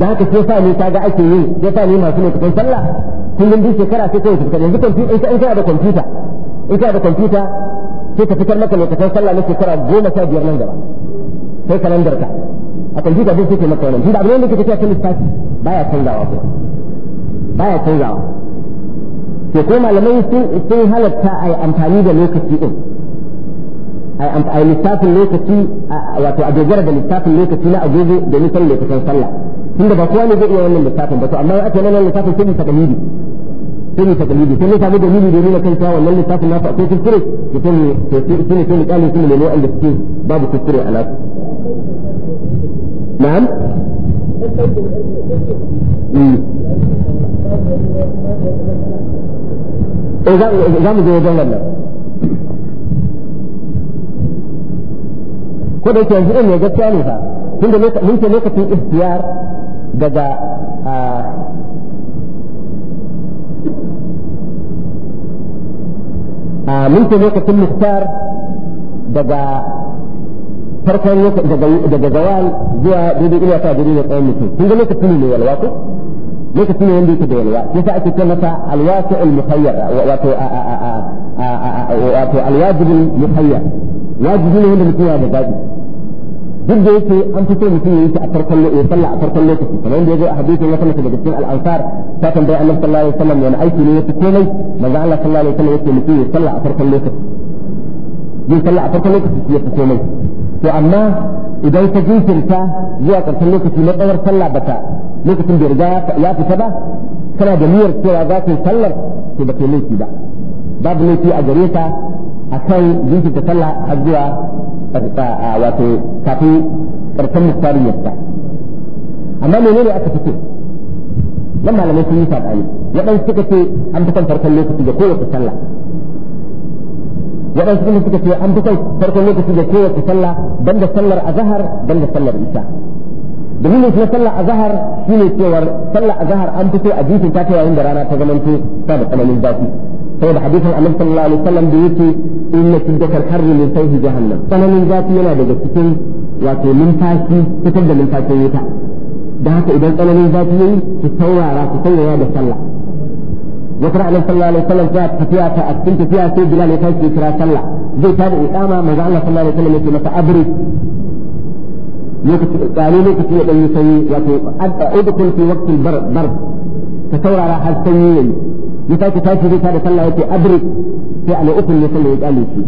da haka sai sa ne ta ga ake yi sai sa ne masu lokacin sallah kullum duk shekara sai kai yanzu fi in kana da kwamfuta in kana da kwamfuta sai ka fitar maka lokacin sallah na shekara goma sha biyar nan gaba sai kalandar ka a kan jika zai sai maka wannan jika abin da kake cewa ta lissafi baya canzawa ko baya canzawa to ko malamai sun sun halatta yi amfani da lokaci din a yi lissafin lokaci wato a dogara da lissafin lokaci na agogo da nisan lokacin sallah tunda ba kowa ne zai iya wannan lissafin ba to amma ake nan lissafin sai bisa dalili تني تكلمي تني تابو تميلي تني لكن كاو الله اللي صافي نافع تني تكلمي تني تني تني تني قالوا تني اللي هو اللي فيه بابو تكلمي على نعم إذا إذا مزوج ولا لا كده كان يقول يا جت يعني ها من ده من ده نقطة اختيار دجا a mun ce lokacin muktar daga farkon daga zawal zuwa daidai ina ta daidai da tsayin mutum kun ga lokacin ne yalwa ko lokacin ne wanda yake da yalwa yasa ake ce masa alwasi al-muhayyar wato wato muhayyar wajibi ne wanda mutum da duk da yake an fito mutum yake a farkon lokaci sallah a farkon lokaci kamar yadda yake a hadisin ya sanar daga cikin al-ansar ta tambaye annabi sallallahu alaihi wasallam yana aiki ne yake komai manzo Allah sallallahu alaihi wasallam yake mutum ya sallah a farkon lokaci yin sallah a farkon lokaci shi yake komai to amma idan ka jinkirta zuwa karshen lokaci na tsawar sallah bata lokacin da riga ya fita ba kana da niyyar cewa za ka yi sallar to ba kai laifi ba babu laifi a gare ka akan jinkirta sallah har zuwa wato kafin karshen muktarin yadda amma menene aka fito nan malamai sun yi saɓani waɗansu suka ce an fi kan farkon lokaci da kowace sallah waɗansu kuma suka ce an fi kan farkon lokaci da kowace sallah ban da sallar azahar ban da sallar isha domin kuma sallar azahar shine cewar sallar azahar an fito a jikin ta yayin da rana ta zamanto ta da tsananin zafi saboda hadisin annabi sallallahu alaihi wasallam da yake inna tidakar harri min sayhi jahannam sananin zafi yana daga cikin wato numfashi fitar da numfashin wuta da haka idan tsananin zafi yayi ki saurara ku saurara da sallah wata ranar sallallahu alaihi wasallam ta tafiya ta a cikin tafiya sai bilal ya tashi kira sallah zai tada iqama manzo Allah sallallahu alaihi wasallam yake masa abri lokaci tsare lokaci ya dan yi sanyi wato udkhul fi waqtil bar bar ka saurara har sanyi yayi ya sake tashi zai tada sallah yake abrik sai a lokacin ne sallah ya kyale shi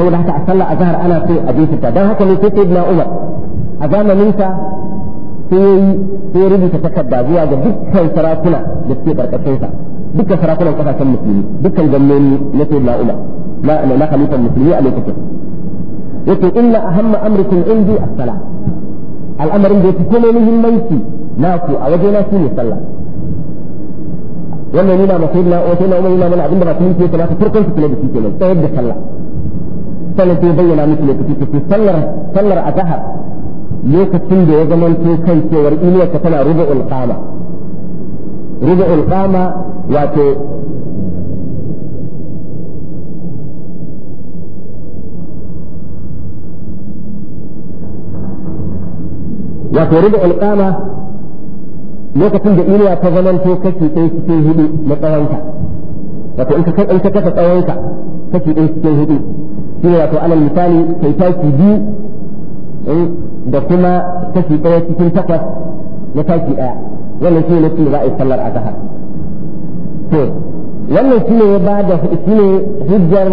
saboda haka a sallah zahar ana so a je ta dan haka ne sai sayyidina Umar a zamanin sa sai yayi sai ya rubuta takarda zuwa ga dukkan sarakuna da suke karkashin sa dukkan sarakunan kasashen musulmi dukkan gwamnoni na sayyidina Umar na na khalifan musulmi a lokacin yace inna ahamma amrikum indi as-salah al'amarin da yake komai muhimmanci na ku a waje wajena shine sallah wannan yana ma sayyidina wa sayyidina umar yana mana abinda ba kuma yake kamata farkon su kula da shi kenan tsayar da sallah sannan sai bayyana musu lokaci ta ce sallar sallar azhar lokacin da ya zamanto kan cewar iliyar ta tana rubu'ul qama rubu'ul qama wato wato rubu'ul qama lokacin da inuwa ta zamanto kashi ɗaya cikin hudu na tsawonka wato in ka in ka kafa tsawonka kashi ɗaya cikin hudu shine wato alal misali kai taki biyu da kuma kashi ɗaya cikin takwas na taki ɗaya wannan shine lokacin da za a yi sallar azhar to wannan shine ya ba da shine hujjar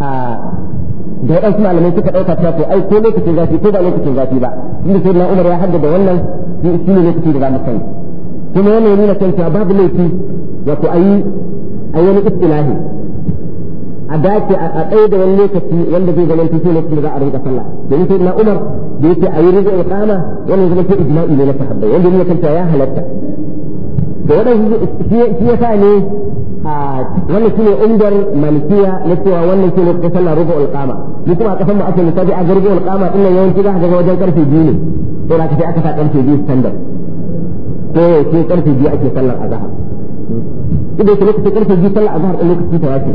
a da waɗansu malamai suka ɗauka cewa ai ko lokacin zafi ko ba lokacin zafi ba inda sai na umar ya haddada wannan shi ne da kuma yana nuna kan babu laifi wato ayi a wani istilahi a dace a tsaye da wani lokaci wanda zai zama tafi ne da za a rinka sallah da sai na umar da yake a yi rinka iqama wannan zama sai ijma'i ne na sahabbai wanda ne kanta ya halatta da wadansu shi ya sa ne a wannan shine umdar malikiya na cewa wannan shine ta sallah rubu alqama ni kuma a kasan mu ake misali a garbu alqama din nan yawanci za ka ga wajen karfe biyu ne sai na sai aka sa karfe biyu standard ko eh, sai karfe biyu ake sallar azhar idan sai lokacin karfe biyu sallar azhar din lokacin ta yake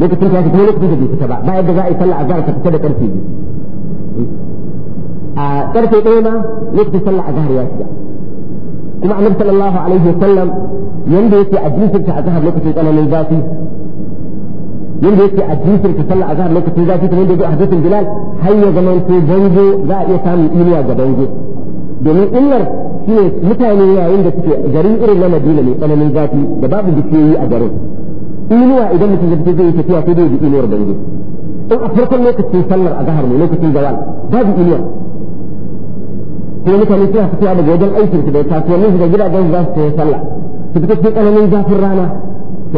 lokacin ta yake kuma lokacin da bai fita ba ba yadda za a yi sallar zahar ta fita da karfe biyu a karfe ɗaya ma lokacin sallar zahar ya shiga kuma annabi sallallahu alaihi wasallam yanda yake a a zahar lokacin tsananin zafi yanda yake a jikin ka sallah azhar lokacin zafi kamar da a hadisin bilal har ya zama to bango za a iya samun inuwa ga bango domin illar shine mutane yayin da suke garin irin na Madina ne tsananin zafi da babu bishiyoyi a garin inuwa idan mutum zai fita zai tafiya sai dai ya inuwar bango in a farkon lokacin sallar azhar ne lokacin zawal babu inuwar kuma mutane suna fitowa daga wajen aikin su da kasuwannin su da gidajen za su sallah su fita cikin tsananin zafin rana to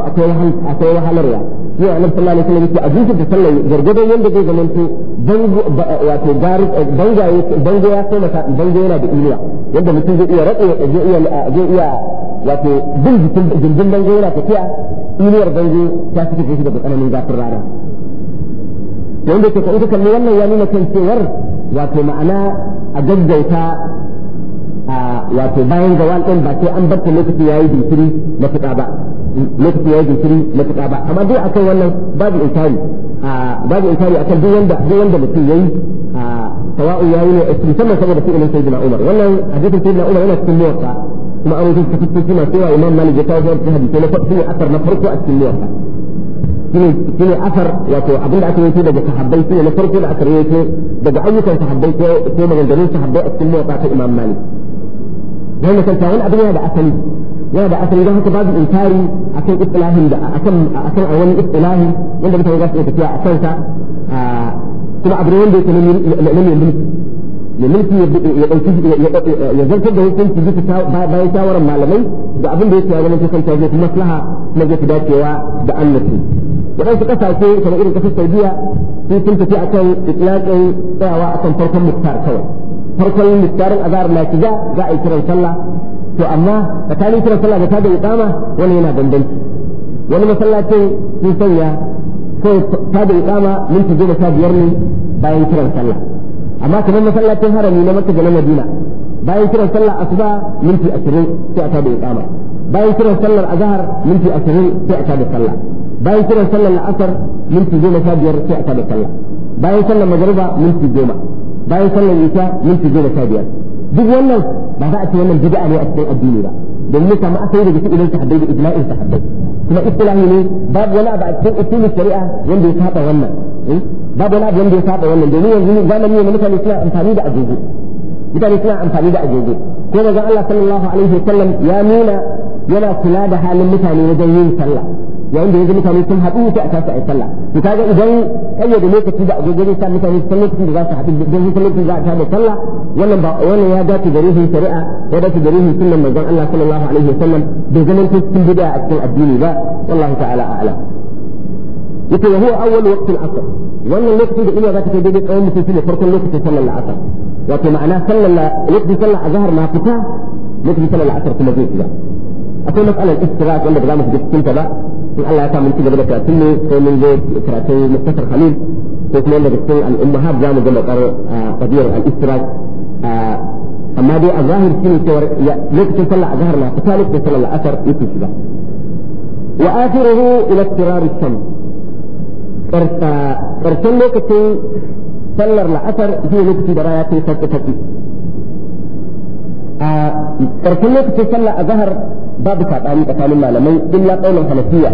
akwai wahalarwa shi a nan sallallahu alaihi wasallam yake a da sallar gargadon yadda zai zama to bango wato gari bangaye bango ya koma mata bango yana da iliya yadda mutum zai iya ratsa zai iya zai iya wato bin jikin gindin bango yana tafiya iliyar bango ta fice shi daga tsananin zafin rana to inda ke ka ita kalli wannan ya nuna kan cewar wato ma'ana a gaggauta a wato bayan gawan din ba sai an bar lokaci yayi jinkiri na fita ba lokaci ya jinkiri matuƙa ba amma dai akan wannan babu inkari babu inkari akan duk wanda duk wanda mutum yayi sawa'u yayi ne musamman saboda fi'ilin sayyidina Umar wannan hadisin sayyidina Umar yana cikin muwatta kuma an rubuta cikin suna cewa Imam Malik ya kawo wannan hadisi na farko ne asar na farko a cikin muwatta shine shine asar wato abinda aka yi daga sahabbai shine na farko da aka rawaito daga ayyukan sahabbai ko ko maganganun sahabbai a cikin muwatta ta Imam Malik dan mutunta wani abin yana da asali yana da asali don haka babu inkari akan istilahin da akan akan a wani istilahin wanda mutane za su iya tafiya a kansa kuma abu ne wanda yake na mai mulki ya mulki ya ɗauki ya zartar da hukunci bisa bayan shawarar malamai da abin da yake ya zama kusan ta zai fi maslaha kuma zai fi dacewa da annabi waɗansu ƙasashe kamar irin ƙasar saudiya sun sun tafi akan itlaqin tsayawa akan farkon muktar kawai farkon muktarin azhar na shiga za a yi kiran sallah to amma tsakanin kiran sallah da tada iqama wani yana bambanci wani masallacin sun sanya kai tada iqama minti goma sha biyar ne bayan kiran sallah amma kamar masallacin harami na makka da na madina bayan kiran sallah asuba minti ashirin sai a tada iqama bayan kiran sallar azhar minti ashirin sai a tada sallah bayan kiran sallar asar minti goma sha biyar sai a tada sallah bayan sallar magariba minti goma bayan sallar isha minti goma sha biyar duk wannan ba za a ce wannan bid'a ne a cikin addini ba domin mu samu asali daga cikin sahabbai da ijma'in sahabbai kuma istilahi ne babu wani abu a cikin usulul shari'a wanda ya saba wannan eh? babu wani abu wanda ya saba wannan domin yanzu zamani ne mutane suna amfani da agogo بذلك نعم فريد أجيزي كما ان الله صلى الله عليه وسلم يا مينا يلا كلادها للمثاني وزيين سلا يعني إذا مثاني كل هبوء تأسس سلا لذلك إذا أي دميك تجد أجيزي سلا مثاني سلا كل ان حبيب جاسة سلا كل جاسة حبيب سلا ولا بقى ولا يا جاتي جريه سرقة يا جاتي جريه سلا ما قال الله صلى الله عليه وسلم بزمن في كل بداية أكل أبيني لا والله تعالى أعلم يقول هو أول وقت العصر وأن الوقت إذا جاتي جريه سلا مثاني فرق الوقت سلا العصر وفي معناه صلى الله يقضي صلى الله ظهر ما قطع يقضي صلى الله عشرة مزيد كذا أقول لك مسألة الاستغاث ولا بلامه جبت كنت بقى في الله يتعلم من كذا بلا كاتمي قوم الليل كراتي مستشر خليل تسمى الله بسكين الأمهات جامو جمع قرر آه، قدير الاستغاث آه، أما دي الظاهر سيني كور يقضي صلى الله ظهر ما قطع يقضي صلى الله عشرة يقضي كذا وآخره إلى اضطرار الشمس ارسل لك sallar la'asar zai lokaci da rana ta yi sauƙi a ƙarfin lokacin sallar a zahar babu saɓani tsakanin malamai illa ƙaunar hanafiya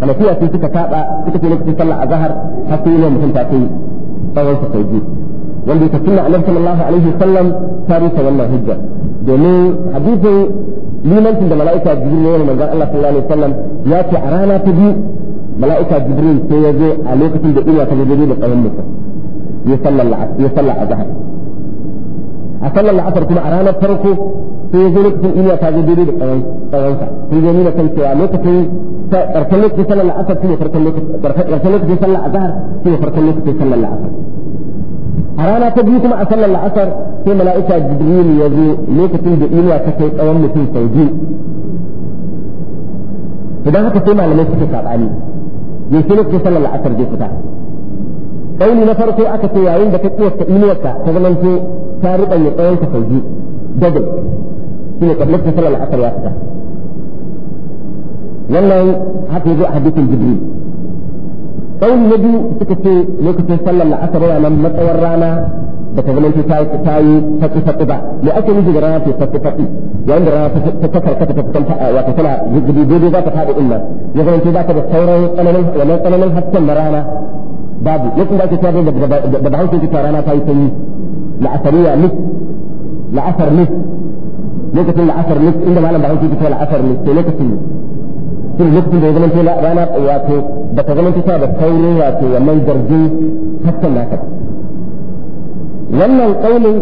hanafiya sun suka saɓa suka ce lokacin sallar a zahar har sai yawan mutum ta kai tsawon sa kai biyu wanda ya tafi annabi sallallahu alaihi wasallam ta rusa wannan hujja domin hadisin limancin da mala'ika jibril ne manzon Allah sallallahu alaihi wasallam ya ce a rana ta biyu mala'ika jibril sai ya zo a lokacin da ina ta zo da tsawon mutum يصلى العصر الظهر أصلى العصر كما أرانا تركه في ذلك في إليا تاجي بيري قوانسا في جميلة في عليك في تركلك في صلى العصر في تركلك في صلى الظهر في تركلك في صلى العصر أرانا تجي كما أصلى العصر في ملائكة جبريل يجي ليك في إليا كتير أول في سيدين إذا هكذا ما لم يسكت عني يسلك في صلى العصر دي فتاة ɗauni na farko aka ce yayin da ka kiyasta inuwarka ta zamanto ta ruɓanya tsawon ka sau biyu double shi ne kablar ta salar asar ya fita wannan haka yazo a hadisin jibril ɗauni na biyu suka ce lokacin sallar la'asar yana nan matsawar rana da ta zamanto ta yi faƙi faƙi ba me ake nufi da rana ta faƙi faƙi yayin da rana ta ta fuskan wato tana gudu daidai za ta faɗi ɗin nan ya za ta da sauran tsananin wannan tsananin hasken na rana babu lokacin da ake tare da bahaushe ke cewa rana ta yi sanyi la'asariya nis la'asar nis lokacin asar mis inda malam bahaushe ke cewa la'asar nis to lokacin shin lokacin da zaman zama cewa rana wato da ta zama cewa da saurin wato wannan zargin hassan naka wannan kaulin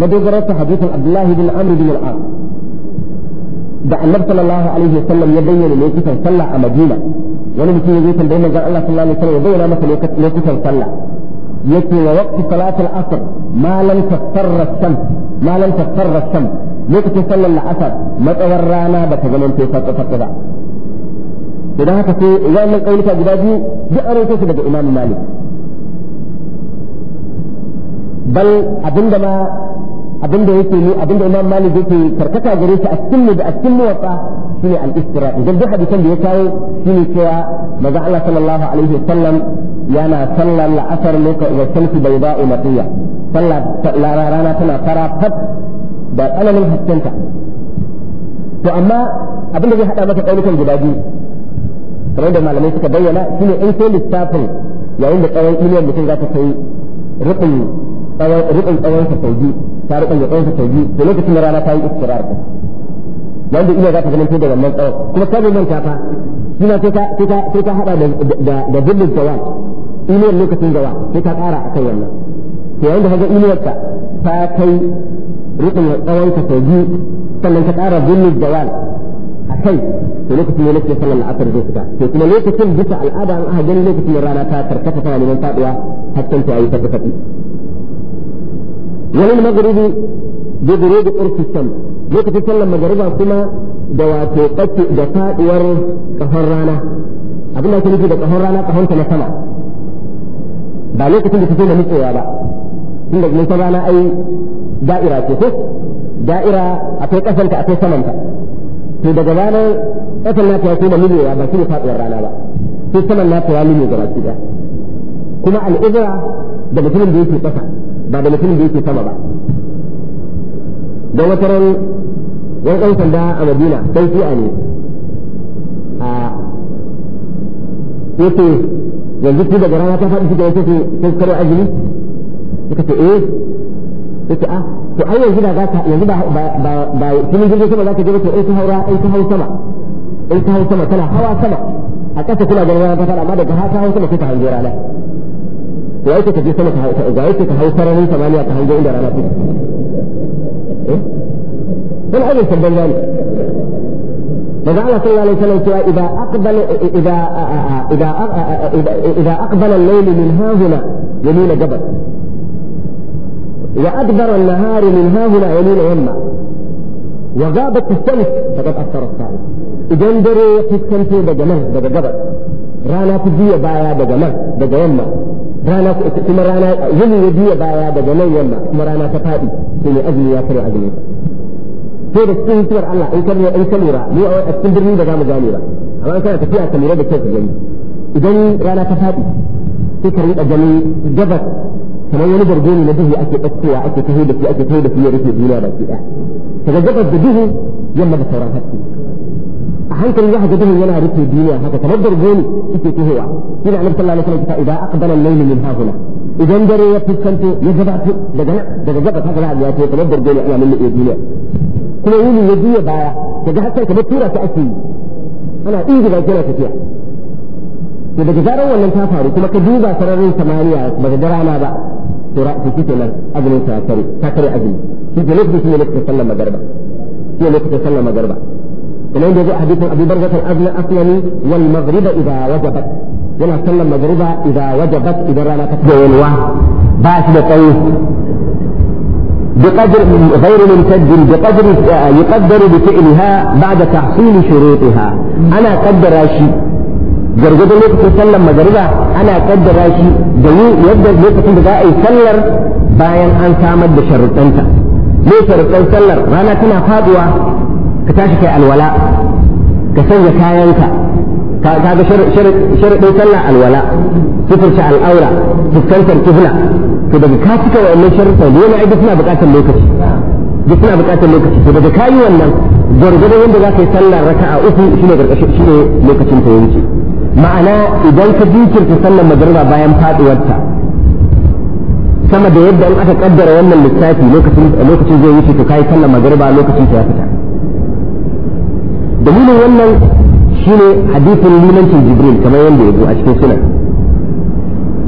madogarar ta hadisin abdullahi bin amr bin al-as da annabi sallallahu alaihi wasallam ya bayyana ne kisan sallah a madina wani mutum yazo tambayi manzon Allah sallallahu alaihi wasallam ya bayyana masa lokutan sallah yake wa waqti salatul asr ma lam tasfarra shams ma lam tasfarra shams lokacin sallar la'asar matsawar rana ba ta zama ta farko farko ba idan haka sai wannan kaulika guda biyu duk an rawaito su daga Imam Malik bal abinda ma abinda yake ne abinda Imam Malik yake karkata gare shi a cikin da a cikin muwatta shine al-istira idan duk hadisan da ya kawo shine cewa maza Allah sallallahu alaihi wasallam yana sallar la'asar lokacin da shamsu bayda'u matiya sallar rana tana fara fat da tsananin haskenta to amma abinda zai hada maka kaunukan guda biyu kamar da malamai suka bayyana shine in sai lissafin yayin da tsawon iliyar mutum za ta kai rukun tsawon rukun tsawon sa sau biyu ta rubanya tsawon ta biyu da lokacin da rana ta yi istirar din wanda iya za ta zama da wannan tsawon kuma kada manta fa ta sai sai ta hada da zillin jawan iliyar lokacin jawa sai ta kara akan wannan to yayin da kaga iliyar ta ta kai rubanya tsawon ta biyu sannan ta kara zillin jawan akai to lokacin ne nake sallar la'asar zai fita to kuma lokacin bisa al'ada an aka gani lokacin rana ta karkata tana neman faduwa har ta yi ta fadi وللمغرب بغروب قرص الشمس لوك تسلم مغربا كما دواتي قتي دفاع ور قهر أبنى كنت دا قهر رانا قهر سنة سنة ba lokacin da fito da nutsewa ba inda nisan rana ai da'ira ce ko da'ira akwai kasanta akwai samanta to daga ranar kasan nata ya koma milewa ba shi faɗuwar rana ba sai saman nata ba kuma al'izra da mutumin da yake kasa ba da mutumin da yake sama ba don wata ran wani ɗan sanda a madina sai shi'a ne a yake yanzu ku daga rana ta faɗi shi da yake sun karo azumi suka ce eh yake a ah, to ai yanzu da za ka yanzu ba ba kuma jirgin sama za ka jirgin sama in ka haura in ka hau sama in ka hau sama tana hawa sama a ƙasa kuna ganin rana ta faɗa amma daga ha ta hau sama sai ta hangi rana da في kaje sama ka ga yake ka hau sararin samaniya ka hango inda rana take eh wani abin صلى الله عليه وسلم إذا أقبل إذا إذا إذا أقبل الليل من ها هنا يمين جبل وأدبر النهار من ها هنا يمين يما وغابت الشمس فقد أثر الصائم إذا انظروا في الشمس بجمال بجبل رانا تجي بايا بجمال بجمال rana kuma rana yini ya biya baya daga nan yamma kuma rana ta faɗi sai mai azumi ya karya azumi sai da cikin hikimar Allah in ka in ka lura mu a cikin birni ba za mu gane ba amma kana tafiya ka lura da kyau ka gani idan rana ta faɗi sai ka rinka gani gabas kamar wani bargo ne na duhu ake ɗaukowa ake taho da shi ake taho da shi ya rufe duniya baki ɗaya daga gabas da duhu yamma da sauran haske هل كان واحد بهم ينهر في الدنيا هذا تبدر جون في هو إذا عمرت الله عليه لك إذا أقبل الليل من هنا إذا انجروا يبتل سنته يجب أن تجنع تجنع هذا لا يأتي تبدر جون إلى من الدنيا كل يوم يجي بايا تجهت تبتورة تأتي أنا إيدي بايا كنا تتيع إذا جزاروا ولا انتهى فاري كما كدوبا سررين سمانية بذا درع ماذا ترى في كتنا أجل انتهى كري كتري أجل كتنا نفسي من الله عليه وسلم مجربة كتنا نفسي الله عليه وسلم كما عند حديث ابي برزة الازل اصلني والمغرب اذا وجبت ولا صلى المغرب اذا وجبت اذا رانا تكبير بعث بقيه بقدر غير ممتد بقدر آه، يقدر بفعلها بعد تحصيل شروطها انا قدر شيء جرجد الوقت يسلم مجربة أنا قدر راشي جميع يقدر الوقت بقاء يسلر باين أن تعمد بشرطانتا ليه شرطان سلر رانا كنا فاقوة ka tashi kai alwala ka sanya kayanka ka ga sharaɗin sallah alwala sifirce al'aura fuskantar kibla to daga ka cika wa'annan sharuɗa da yana aiki suna buƙatar lokaci duk suna buƙatar lokaci to daga kayi wannan gwargwadon wanda za ka yi sallah raka'a uku shine gargashin shine lokacin ta yanke ma'ana idan ka jinkirta sallar magariba bayan faɗuwarta sama da yadda in aka kaddara wannan lissafi lokacin lokacin zai wuce to kai sallar magariba lokacin ta ya fita dalilin wannan shine hadithin limancin jibril kamar yadda ya zo a cikin sunan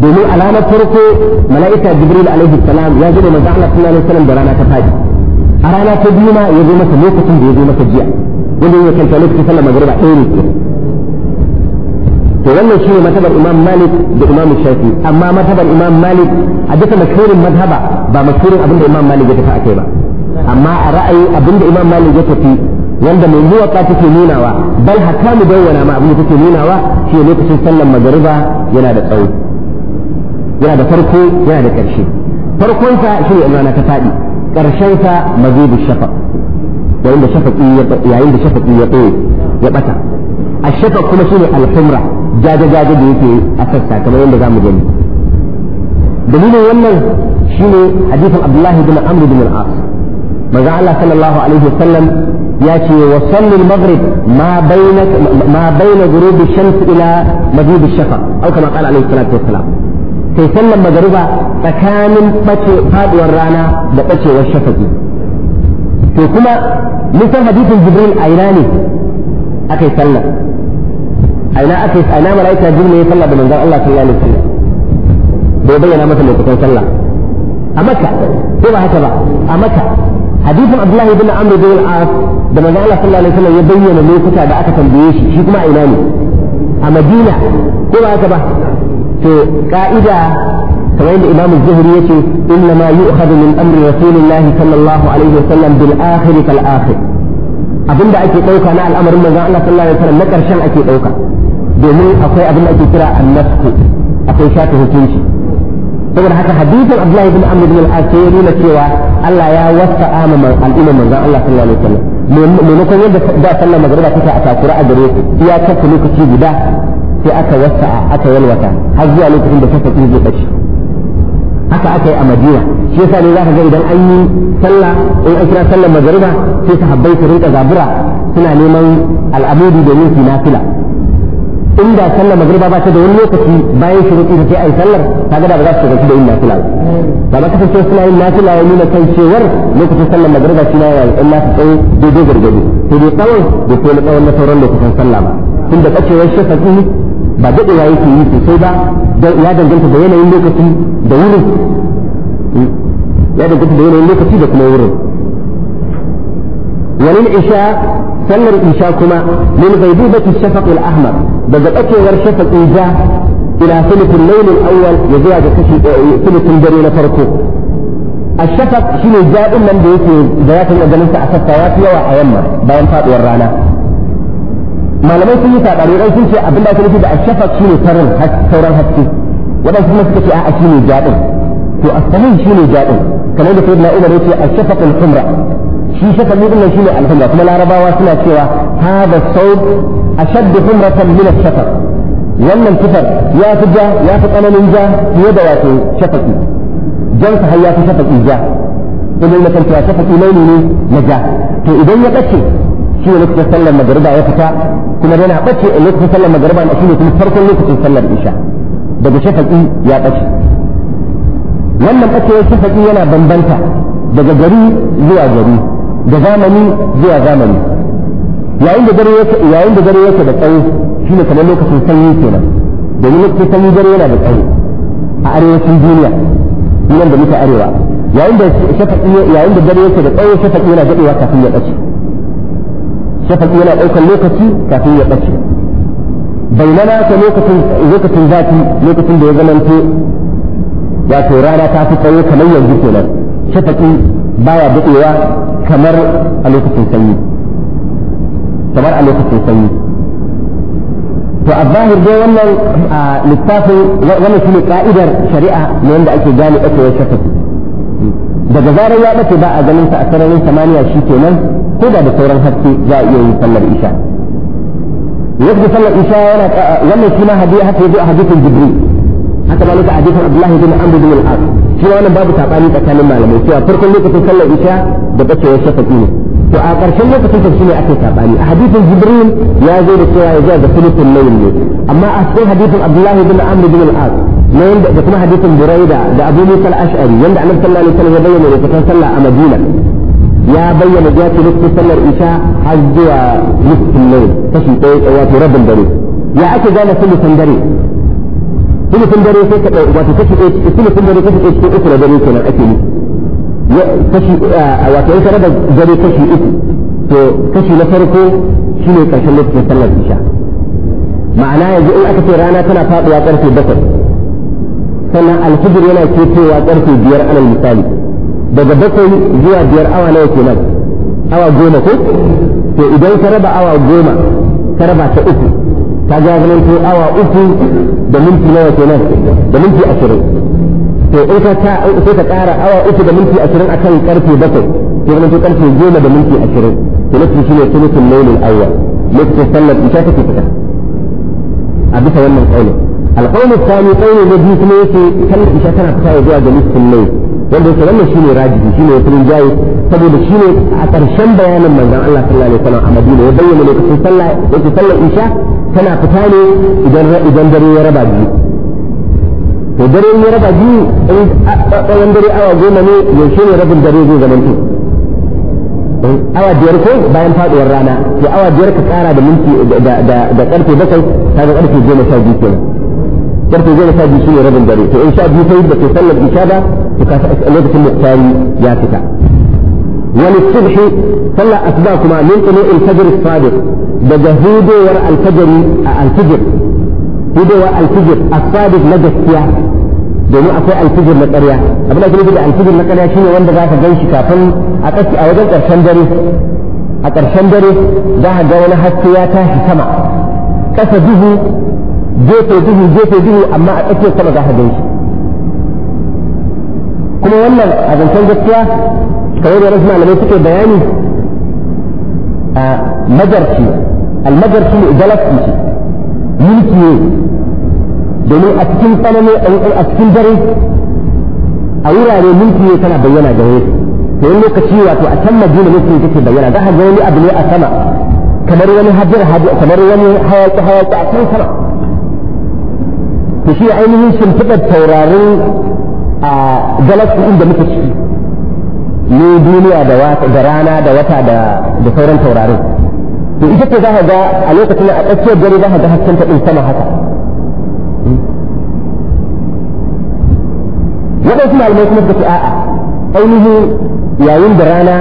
domin alama farko mala'ika jibril alaihi salam ya zo da manzo Allah sallallahu alaihi da rana ta fadi a rana ta biyu ma ya zo masa lokacin da ya zo masa jiya wanda ya kanta lokacin sallar magriba ɗaya ne to wannan shine matabar imam malik da imam shafi amma matabar imam malik a duka mashhurin madhaba ba mashhurin abinda imam malik ya tafi akai ba amma a ra'ayi abinda imam malik ya tafi wanda mai muwaka take nunawa bal hatta mu bayyana ma abin da take nunawa shi lokacin sallar magariba yana da tsawo yana da farko yana da ƙarshe farkon farkonsa shi ne na ta fadi faɗi ƙarshensa mazibu shafa yayin da shafaƙi yayin da shafaƙi ya tsaye ya bata a shafa kuma shi ne alhumra jaje jaje da yake a sassa kamar yadda zamu gani dalilin wannan shine hadisin Abdullahi bin Amr bin al-As manzo Allah sallallahu alaihi wasallam ياتي وصل المغرب ما بين ما بين غروب الشمس shafa مغيب الشفق او كما قال عليه الصلاه والسلام كي سلم مغربا فكان فاد ورانا بقتي والشفق to kuma nisan hadisin jibril a ne aka sallah a ina aka mala'ika jibril ya sallah da manzon Allah sallallahu alaihi wasallam bai bayyana masa lokacin sallah a makka ko ba haka ba a makka hadisin abdullahi ibn amr bin al-as da manzo Allah sallallahu alaihi wasallam ya bayyana lokuta da aka tambaye shi shi kuma a ina ne a Madina ko ba haka ba to ka'ida kamar yadda Imam Zuhri yace inna ma yu'khadhu min amri Rasulillahi sallallahu alaihi wasallam bil akhir kal akhir abinda ake dauka na al'amarin manzo Allah sallallahu alaihi wasallam na karshen ake dauka domin akwai abin da ake kira annasku akwai shata hukunci saboda haka hadisin Abdullahi bin Amr bin al-As ya cewa Allah ya wasa'a ma al'umma manzo Allah sallallahu alaihi wasallam maimakon yadda da sallar magariba take a takura a gare su iya kafa lokaci guda sai aka wasa aka yalwata har zuwa lokacin da sassa zai ɓace haka aka yi a madina shi yasa ne za ka ga idan an yi sallah in an kira sallar magariba sai sahabbai su rinka zabura suna neman al'amudi domin su nafila inda sallar magriba ba ta da wani lokaci bayan shuruɗi da ke ai sallar kaga da ba za su gaci da yin nafila ba ba ka kasance suna yin nafila ya nuna kan cewar lokacin sallar magriba shi na yayin in ta tsaye daidai gargadi to dai tsawon da kuma tsawon na sauran lokacin sallah ba tun da kacewar shafa'i ba daɗewa yake yi sosai ba ya danganta da yanayin lokaci da wurin ya danganta da yanayin lokaci da kuma wurin wani isha sallar isha kuma min ghaibibati shafaq al-ahmar بدل أتوغر شفا إيجاه إلى ثلث الليل الأول يزيع ثلث الجري لفرقه الشفق شنو جاء من بيتي ذات الأجنة أسفت وافية وأيما بين فات ورانا ما لم يكن يتابع يعني لغاية شيء أبن الله تلك الشفق شنو ترن هك هكي هكتي ولا سمعت كشيء شنو جاء تو الصحيح شنو جاء كان يقول سيدنا عمر الشفق الحمراء shi shakalli din shine alhumra kuma larabawa suna cewa ha da hada saud ashaddu humratan min ash-shafaq wannan tufar ya fi ja ya fi tsananin ja fiye da wato shafaqi jan sa har ya fi shafaqi ja idan na kanta shafaqi launi ne na ja to idan ya kace shi ne lokacin sallar magariba ya fita kuma yana a lokacin sallar magariba shi ne kuma farkon lokacin sallar isha daga shafaqi ya bace wannan bace shafaqi yana bambanta daga gari zuwa gari da zamani zuwa zamani yayin da dare yake yayin da dare yake da tsayi shine kamar lokacin sanyi kenan domin lokacin sanyi dare yana da tsayi a arewacin duniya nan da muke arewa yayin da shafaƙi yayin da dare yake da tsayi shafaƙi yana daɗewa kafin ya ɗace shafaƙi yana ɗaukar lokaci kafin ya ɗace bainana ta lokacin lokacin zafi lokacin da ya zamanto wato rana ta fi tsaye kamar yanzu kenan shafaƙi baya daɗewa kamar a lokacin sanyi kamar a lokacin sanyi to a zahir dai wannan littafin wannan ne ka'idar shari'a ne wanda ake gane ake yin shafaki daga zarar ya bace ba a ganin sa a sararin samaniya shi kenan ko da da sauran haske za a iya yin sallar isha yadda sallar isha yana wannan shi ma hadiya haka yazo a hadisin jibril haka malika hadisin abdullahi bin amr bin al-as kuma wannan babu sabani tsakanin malamai cewa farkon lokacin sallar isha da bacewar shafaqi ne to a ƙarshen lokacin ta shine ake sabani a hadisin jibril ya zo da cewa ya ji da sulutun ne amma a cikin hadisin abdullahi bin amr bin al-as na yanda da kuma hadisin buraida da abu musa al-ash'ari yanda annabi sallallahu alaihi wasallam ya bayyana lokacin sallah a madina ya bayyana ya ce lokacin sallar isha har zuwa sulutun layl kashi ɗaya wato rabin dare ya ake gane sulutun dare kuma sun dare sai ka ɗau wato kashi ɗaya kuma dare kashi ɗaya cikin uku da dare kenan ake yi kashi wato in ka da dare kashi uku to kashi na farko shine karshen lokacin sallar isha ma'ana yanzu in aka ce rana tana faɗuwa ƙarfe bakwai sannan alfijir yana ketowa ƙarfe biyar alal misali daga bakwai zuwa biyar awa nawa kenan awa goma ko to idan ka raba awa goma ka raba ta uku ta ga zama ko awa uku da minti nawa kenan da minti ashirin to in ka ta sai ka ƙara awa uku da minti ashirin akan karfe bakwai sai zama ko karfe goma da minti ashirin to na shi ne tulukin lailin awwal lokacin sallar isha take fita a bisa wannan kaulin alƙaunin sami kaulin na biyu kuma yake sallar isha tana fita zuwa ga nisfin lail wanda yake wannan shine rajihi shine yafi jayi saboda shine a ƙarshen bayanin manzan Allah sallallahu alaihi wasallam a Madina ya bayyana lokacin sallah yake sallar isha tana fita ne idan idan dare ya raba biyu to dare ya raba biyu in tsawon dare awa goma ne yaushe ne rabin dare zai zamanto awa biyar ko bayan faduwar rana to awa biyar ka kara da minti da da karfe bakwai kaga karfe goma sha biyu kenan karfe goma sha biyu shine rabin dare to in sha biyu sai da ke sallar isha ba to ka lokacin muktari ya fita wani subhi sallar asuba kuma min kuma in fajr sadiq daga hudowar alfajari a alfijir hudowar alfijir as na gaskiya domin akwai alfijir na ƙarya abin da kuma da alfijir na ƙarya shine wanda za ka gan shi kafin a ƙarshe a wajen ƙarshen dare a ƙarshen dare za ka ga wani haske ya tashi sama ƙasa duhu jefe duhu jefe duhu amma a ake sama za ka gan shi kuma wannan a zancen gaskiya kamar da rashin malamai suke bayani a majarci almajarci ne galaxy ce mulki ne domin a cikin tsanani a cikin dare a wurare mulki ne tana bayyana da wani to wani lokaci wato a can madina mulki ne take bayyana za ka ga wani abu ne a sama kamar wani hajjar hajjar kamar wani hayaki hayaki a can sama to shi ainihin shimfiɗar taurarin a galaxy inda muke ciki ne duniya da rana da wata da sauran taurarin to ita ce za ka ga a lokacin a tsakiyar gari za ka ga hasken ta ɗin sama haka waɗansu malamai kuma suka ce a'a ainihin yayin da rana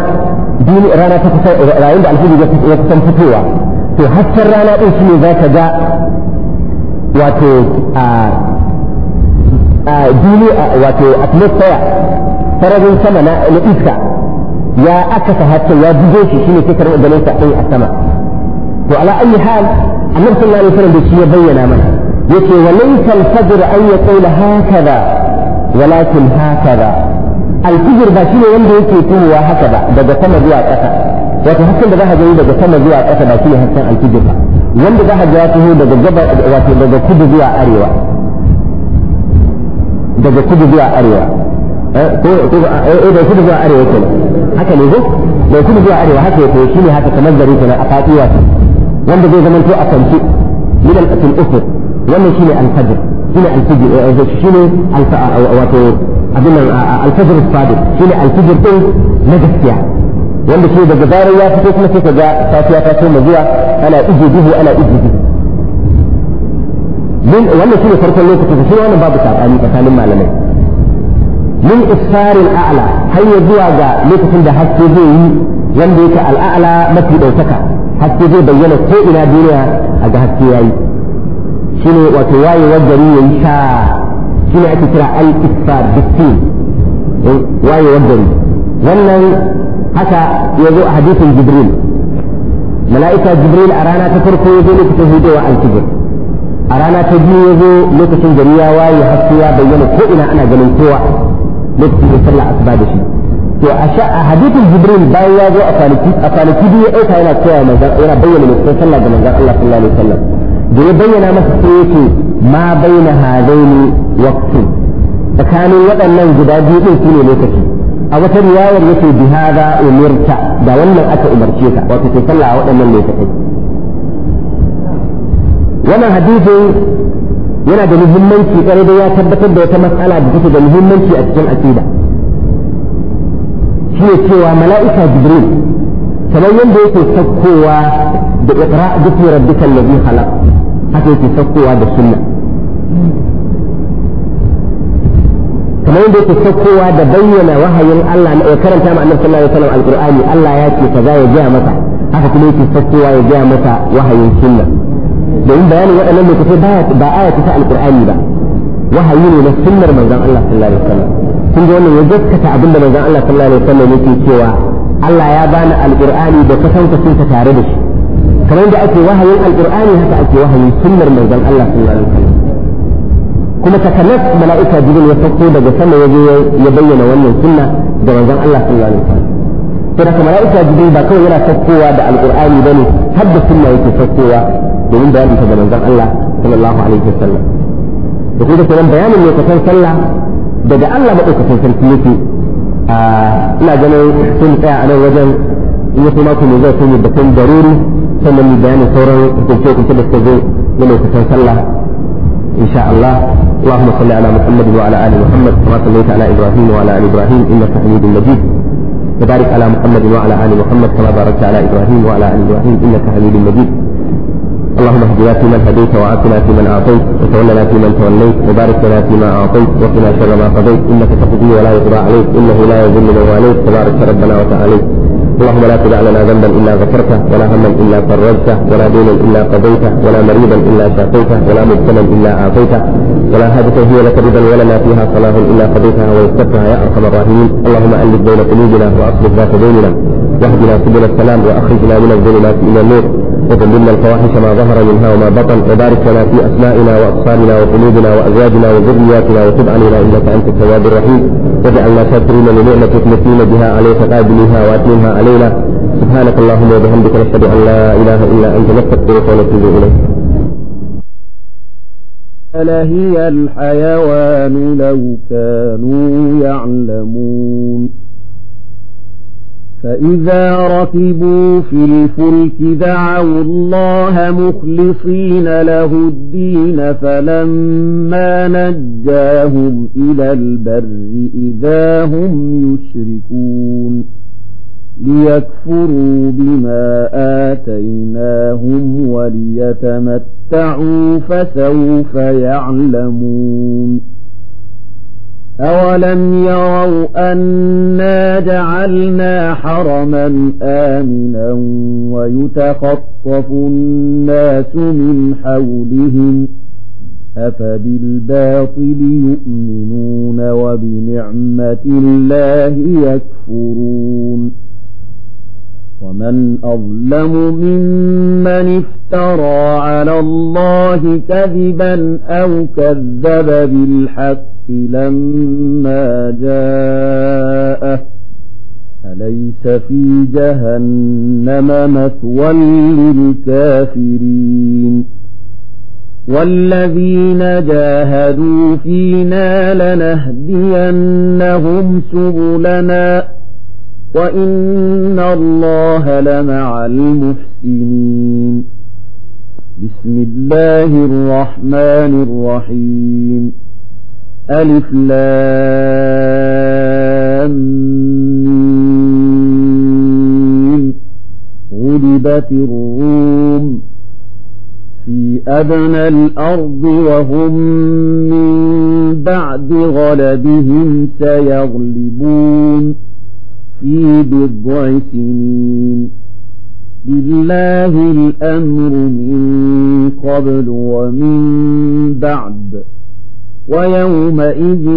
rana ta kusa yayin da alfiji ya kusan fitowa to hasken rana ɗin shi ne za ka ga wato a jini wato atmosphere sararin sama na iska ya akasa hatta ya buge shi shine sai karɓar ganin sa ɗin a sama to ala ayi hal annabi sallallahu alaihi wasallam da shi ya bayyana mana yace wa laysa al-fajr an yaqula hakaza walakin hakaza al-fajr ba shine wanda yake tuwa haka ba daga sama zuwa ƙasa wato hakan da za ka gani daga sama zuwa ƙasa ba shine hakan al-fajr ba wanda za a ga ya taho daga gabar wato daga kudu zuwa arewa daga kudu zuwa arewa eh, eh, eh da kudu zuwa arewa haka ne ko da kudu zuwa arewa haka ya taho shine haka kamar gari kenan a wanda zai zama to a kanci min al-asl wannan shine al-fajr shine al-fajr eh, shine wato abin al-fajr shine al-fajr din na gaskiya wanda ke daga zarar ya fito kuma sai ka ga safiya ta koma zuwa ana ije duhu ana ije duhu min wannan shine farkon lokacin shi wannan babu sabani tsakanin malamai min isfarin a'la har ya zuwa ga lokacin da haske zai yi wanda yake al'a'la mafi dautaka haske zai bayyana ko ina duniya a ga haske yayi shine wato wayewar gari yayi sha shine ake kira al-isfar bitin eh, wayewar gari wannan haka ya zo a hadisin jibril mala'ika jibril a rana ta farko ya zo lokacin hudewa alfijir a rana ta biyu ya zo lokacin gari ya waye haske ya bayyana ko ina ana ganin kowa lokacin da sallah asuba da shi to a hadisin jibril bayan ya zo a kwanaki a kwanaki biyu ya aika yana koya manzon yana bayyana sai sallah ga manzon Allah sallallahu alaihi wasallam da ya bayyana masa sai yake ma baina hadaini waqtu tsakanin waɗannan guda biyu din shine lokaci a wata riwayar yake bi hada umirta da wannan aka umarce ka wato ke sallah a waɗannan ne kai wannan hadisin yana da muhimmanci ƙwarai da ya tabbatar da wata matsala da take da muhimmanci a cikin aqida shine ne cewa mala'ika jibril kamar yadda yake sakkowa da iqra' bismi rabbikal ladhi khalaq haka yake sakkowa da sunna kamar yadda yake saukowa da bayyana wahayin Allah ya karanta ma annabi sallallahu alaihi wasallam alqur'ani Allah ya ce kaza ya gaya masa haka kuma yake saukowa ya gaya masa wahayin sunna domin bayanin waɗannan lokacin ba ba aya ta alqur'ani ba wahayi ne na sunnar manzon Allah sallallahu alaihi wasallam kun ga wannan ya gaskata da manzon Allah sallallahu alaihi wasallam yake cewa Allah ya bani alqur'ani da kasancin sa tare da shi kamar yadda ake wahayin alqur'ani haka ake wahayin sunnar manzon Allah sallallahu alaihi wasallam kuma takanas mala'ika jibril ya sauko daga sama ya ya bayyana wannan sunna da manzon Allah sallallahu alaihi wasallam to daga mala'ika jibril ba kawai yana saukowa da alqur'ani bane har da sunna yake saukowa domin bayanin ta da manzon Allah sallallahu alaihi wasallam da kuma sanan bayanin ne kasan sallah daga Allah madaukakin sarki yake ina ganin sun tsaya a nan wajen in yaso mako ne zai sun da kun daruri sannan mu bayanin sauran hukunce-hukunce da suka zo na lokacin sallah إن شاء الله اللهم صل على محمد وعلى آل محمد كما صليت على إبراهيم وعلى آل إبراهيم إنك حميد مجيد وبارك على محمد وعلى آل محمد كما باركت على إبراهيم وعلى آل إبراهيم إنك حميد مجيد اللهم اهدنا فيمن هديت وعافنا فيمن اعطيت وتولنا فيمن توليت وبارك لنا فيما اعطيت وقنا شر ما قضيت انك تقضي ولا يقضى عليك انه لا يذل من واليت تبارك ربنا وتعاليت اللهم لا تدع لنا ذنبا الا غفرته ولا هما الا فرجته ولا دينا الا قضيته ولا مريضا الا شقيته ولا مبتلا الا اعطيته ولا حاجة هي لك رضا ولنا فيها صلاح الا قضيتها ويسرتها يا ارحم الراحمين اللهم الف بين قلوبنا واصلح ذات بيننا واهدنا سبل السلام واخرجنا من الظلمات الى النور وضللنا الفواحش ما ظهر منها وما بطن وبارك لنا في أسمائنا واطفالنا وقلوبنا وأزواجنا وذرياتنا وتب علينا إنك أنت التواب الرحيم واجعلنا شاكرين لنعمتك نسلم بها عليك قابليها وأتمها علينا سبحانك اللهم وبحمدك نشهد أن لا إله إلا أنت نستغفرك ونتوب إليك ألا هي الحيوان لو كانوا يعلمون فإذا ركبوا في الفلك دعوا الله مخلصين له الدين فلما نجاهم إلى البر إذا هم يشركون ليكفروا بما آتيناهم وليتمتعوا فسوف يعلمون أولم يروا أنا جعلنا حرما آمنا ويتخطف الناس من حولهم أفبالباطل يؤمنون وبنعمة الله يكفرون ومن أظلم ممن افترى على الله كذبا أو كذب بالحق لما جاءه أليس في جهنم مثوى للكافرين والذين جاهدوا فينا لنهدينهم سبلنا وإن الله لمع المحسنين بسم الله الرحمن الرحيم ألف لام غلبت الروم في أدنى الأرض وهم من بعد غلبهم سيغلبون في بضع سنين لله الأمر من قبل ومن بعد ويومئذ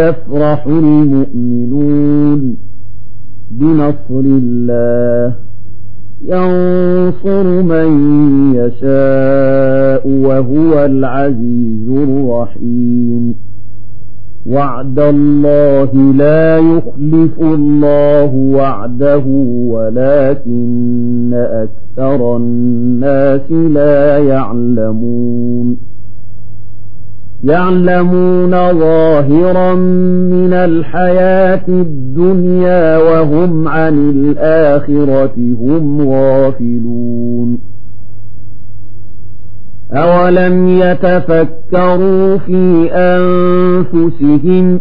يفرح المؤمنون بنصر الله ينصر من يشاء وهو العزيز الرحيم وعد الله لا يخلف الله وعده ولكن أكثر الناس لا يعلمون يعلمون ظاهرا من الحياة الدنيا وهم عن الآخرة هم غافلون أولم يتفكروا في أنفسهم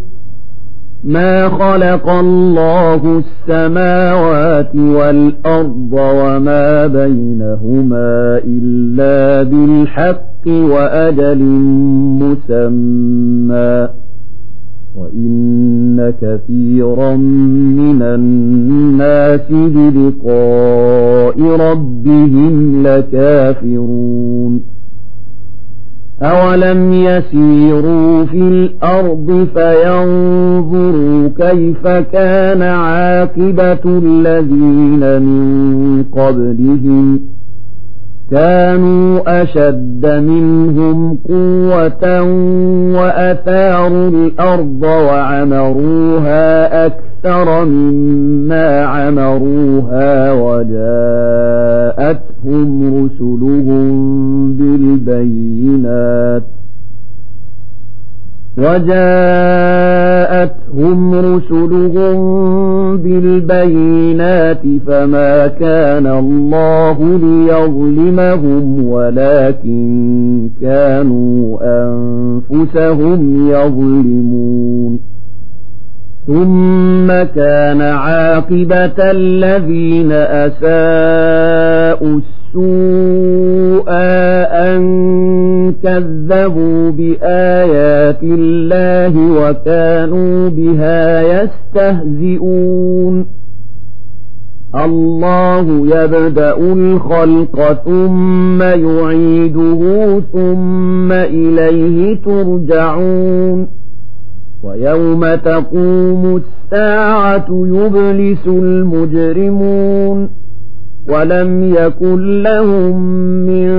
ما خلق الله السماوات والأرض وما بينهما إلا بالحق وأجل مسمى وإن كثيرا من الناس بلقاء ربهم لكافرون أولم يسيروا في الأرض فينظروا كيف كان عاقبة الذين من قبلهم كانوا أشد منهم قوة وأثاروا الأرض وعمروها أكثر مما عمروها وجاءتهم رسلهم بالبينات وجاءتهم رسلهم بالبينات فما كان الله ليظلمهم ولكن كانوا أنفسهم يظلمون ثم كان عاقبة الذين أساءوا السوء أن كذبوا بآيات الله وكانوا بها يستهزئون الله يبدأ الخلق ثم يعيده ثم إليه ترجعون ويوم تقوم الساعة يبلس المجرمون ولم يكن لهم من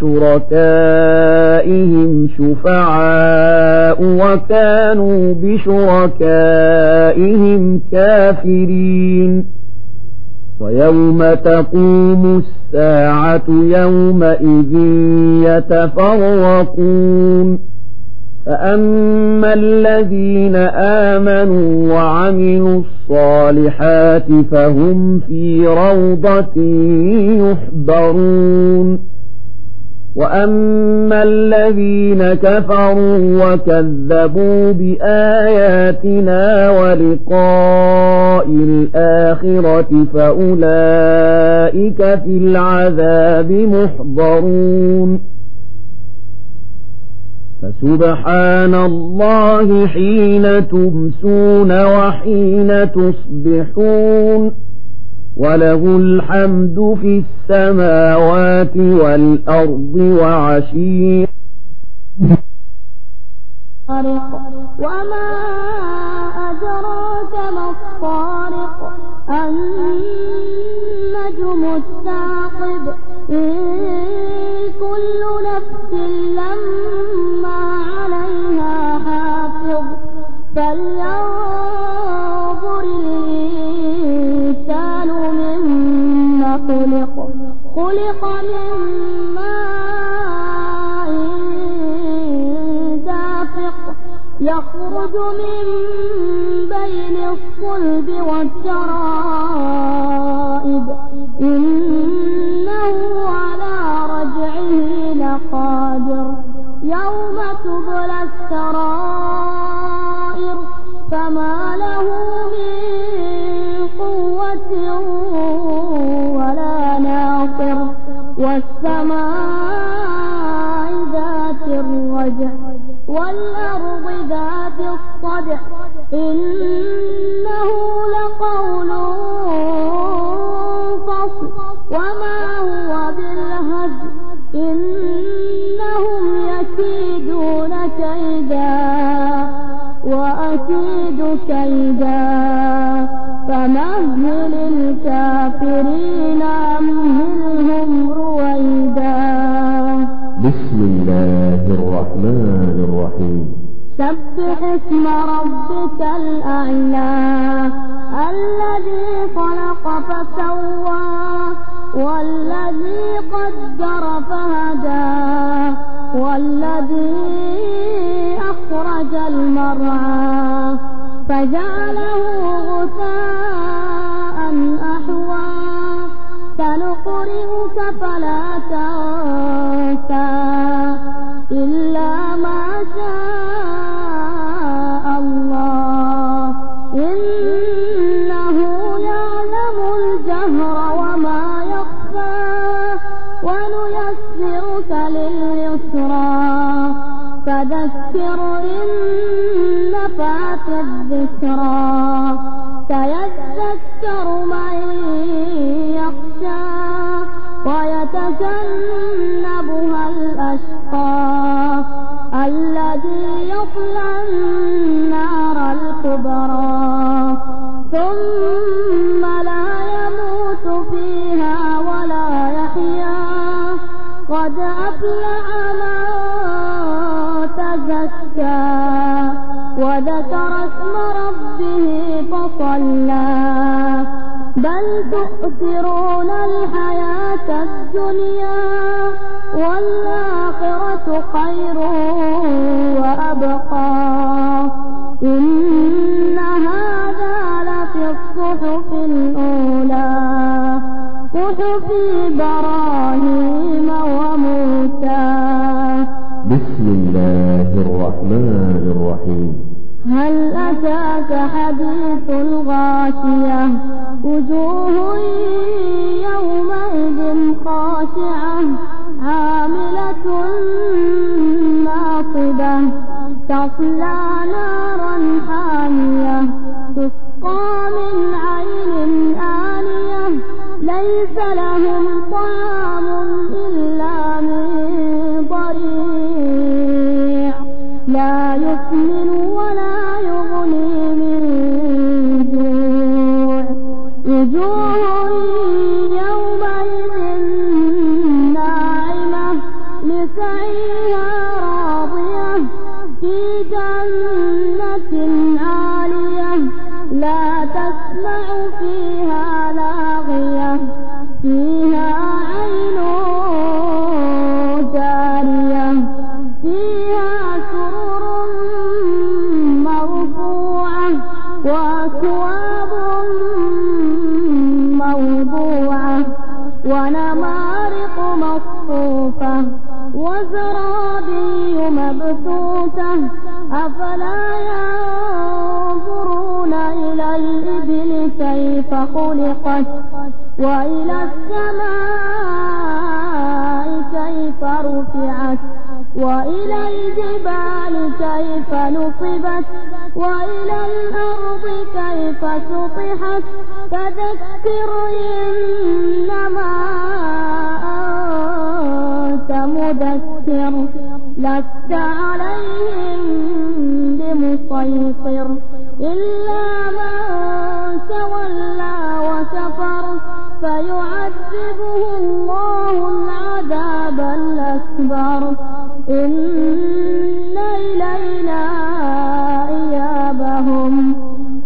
شركائهم شفعاء وكانوا بشركائهم كافرين ويوم تقوم الساعة يومئذ يتفرقون فأما الذين آمنوا وعملوا الصالحات فهم في روضة يحبرون وأما الذين كفروا وكذبوا بآياتنا ولقاء الآخرة فأولئك في العذاب محضرون سبحان الله حين تمسون وحين تصبحون وله الحمد في السماوات والأرض وعشيا وما أدراك ما الطارق النجم الثاقب إن كل نفس يصلى النار الكبرى ثم لا يموت فيها ولا يحيا قد أفلح من تزكى وذكر اسم ربه فصلى بل تؤثرون الحياة الدنيا والآخرة خير وأبقى إن هذا لفي الصحف الأولى صحف إبراهيم وموسى بسم الله الرحمن الرحيم هل أتاك حديث الغاشية وجوه يومئذ خاشعة عاملة ناصبة تصلى نارا حامية تسقى من عين آنية ليس لهم طعام إلا من ضريع لا يسمن ولا يغني من جوع وجوه فيها لاغية فيها عين جارية فيها سرر مرفوعة وأكواب موضوعة ونمارق مصفوفة وزرابي مبثوثة أفلا ينظرون ينظرون إلى الإبل كيف خلقت وإلى السماء كيف رفعت وإلى الجبال كيف نصبت وإلى الأرض كيف سطحت فذكر إنما أنت مذكر لست عليهم بمسيطر إلا من تولى وكفر فيعذبه الله العذاب الأكبر إن إلينا إيابهم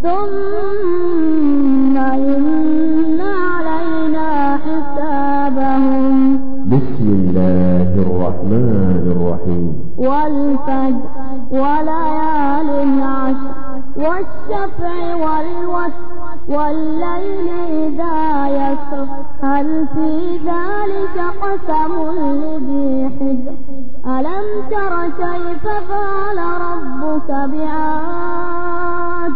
ثم إن علينا حسابهم بسم الله الرحمن الرحيم والفجر وليال عشر والشفع والوتر والليل إذا يسر هل في ذلك قسم لذي حجر ألم تر كيف فعل ربك بعاد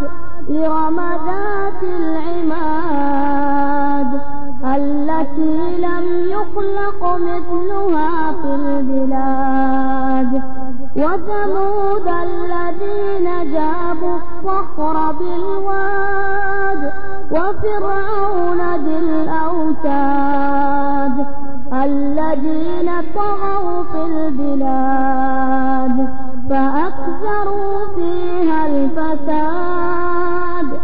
إرم ذات العماد التي لم يخلق مثلها في البلاد وثمود الذين جابوا الصخر بالواد وفرعون ذي الأوتاد الذين طغوا في البلاد فأكثروا فيها الفساد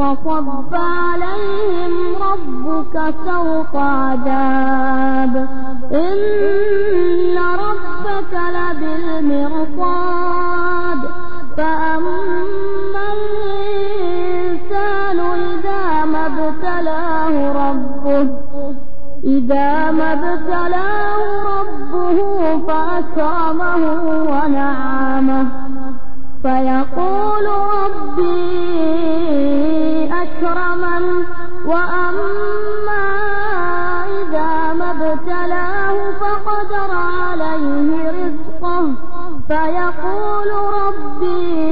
فصب عليهم ربك سوط عذاب إن ربك لبالمرصاد فأما الإنسان إذا ما ابتلاه ربه إذا ما ابتلاه ربه فأكرمه ونعمه فيقول ربي أكرمن وأما إذا ما ابتلاه فقدر عليه رزقه فيقول ربي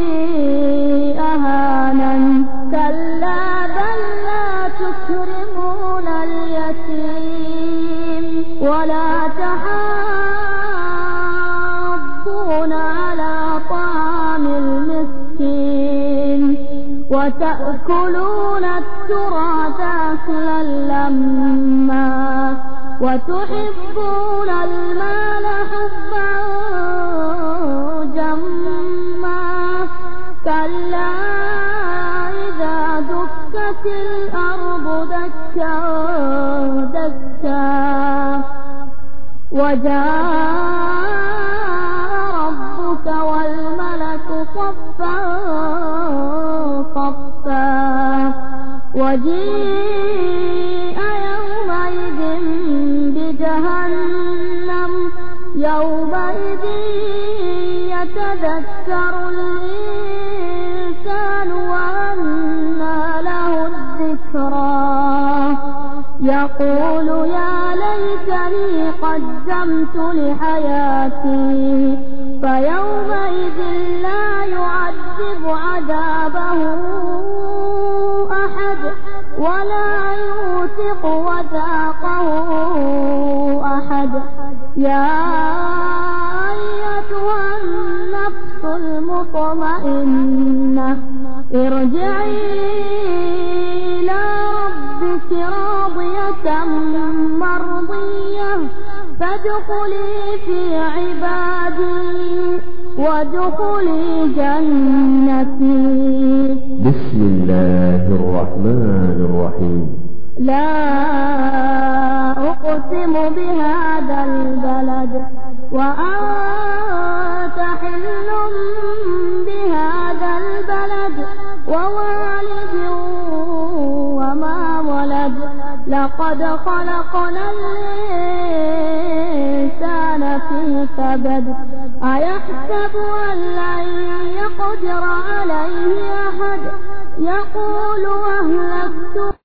أهانن كلا بل لا تكرمون اليتيم ولا تحرمون وتأكلون التراث أكلا لما وتحبون المال حبا جما كلا إذا دكت الأرض دكا دكا وجاء وجيء يومئذ بجهنم يومئذ يتذكر الإنسان وأنى له الذكرى يقول يا ليتني قدمت لحياتي فيومئذ لا يعذب عذابه أحد ولا يوثق وثاقه أحد يا أيتها النفس المطمئنة ارجعي إلى ربك راضية مرضية فادخلي في عبادي وادخلي جنتي بسم الله الرحمن الرحيم لا أقسم بهذا البلد وأنت حل بهذا البلد ووالد وما ولد لقد خلقنا الإنسان في كبد أيحسب أن لن يقدر عليه أحد يقول أهلكت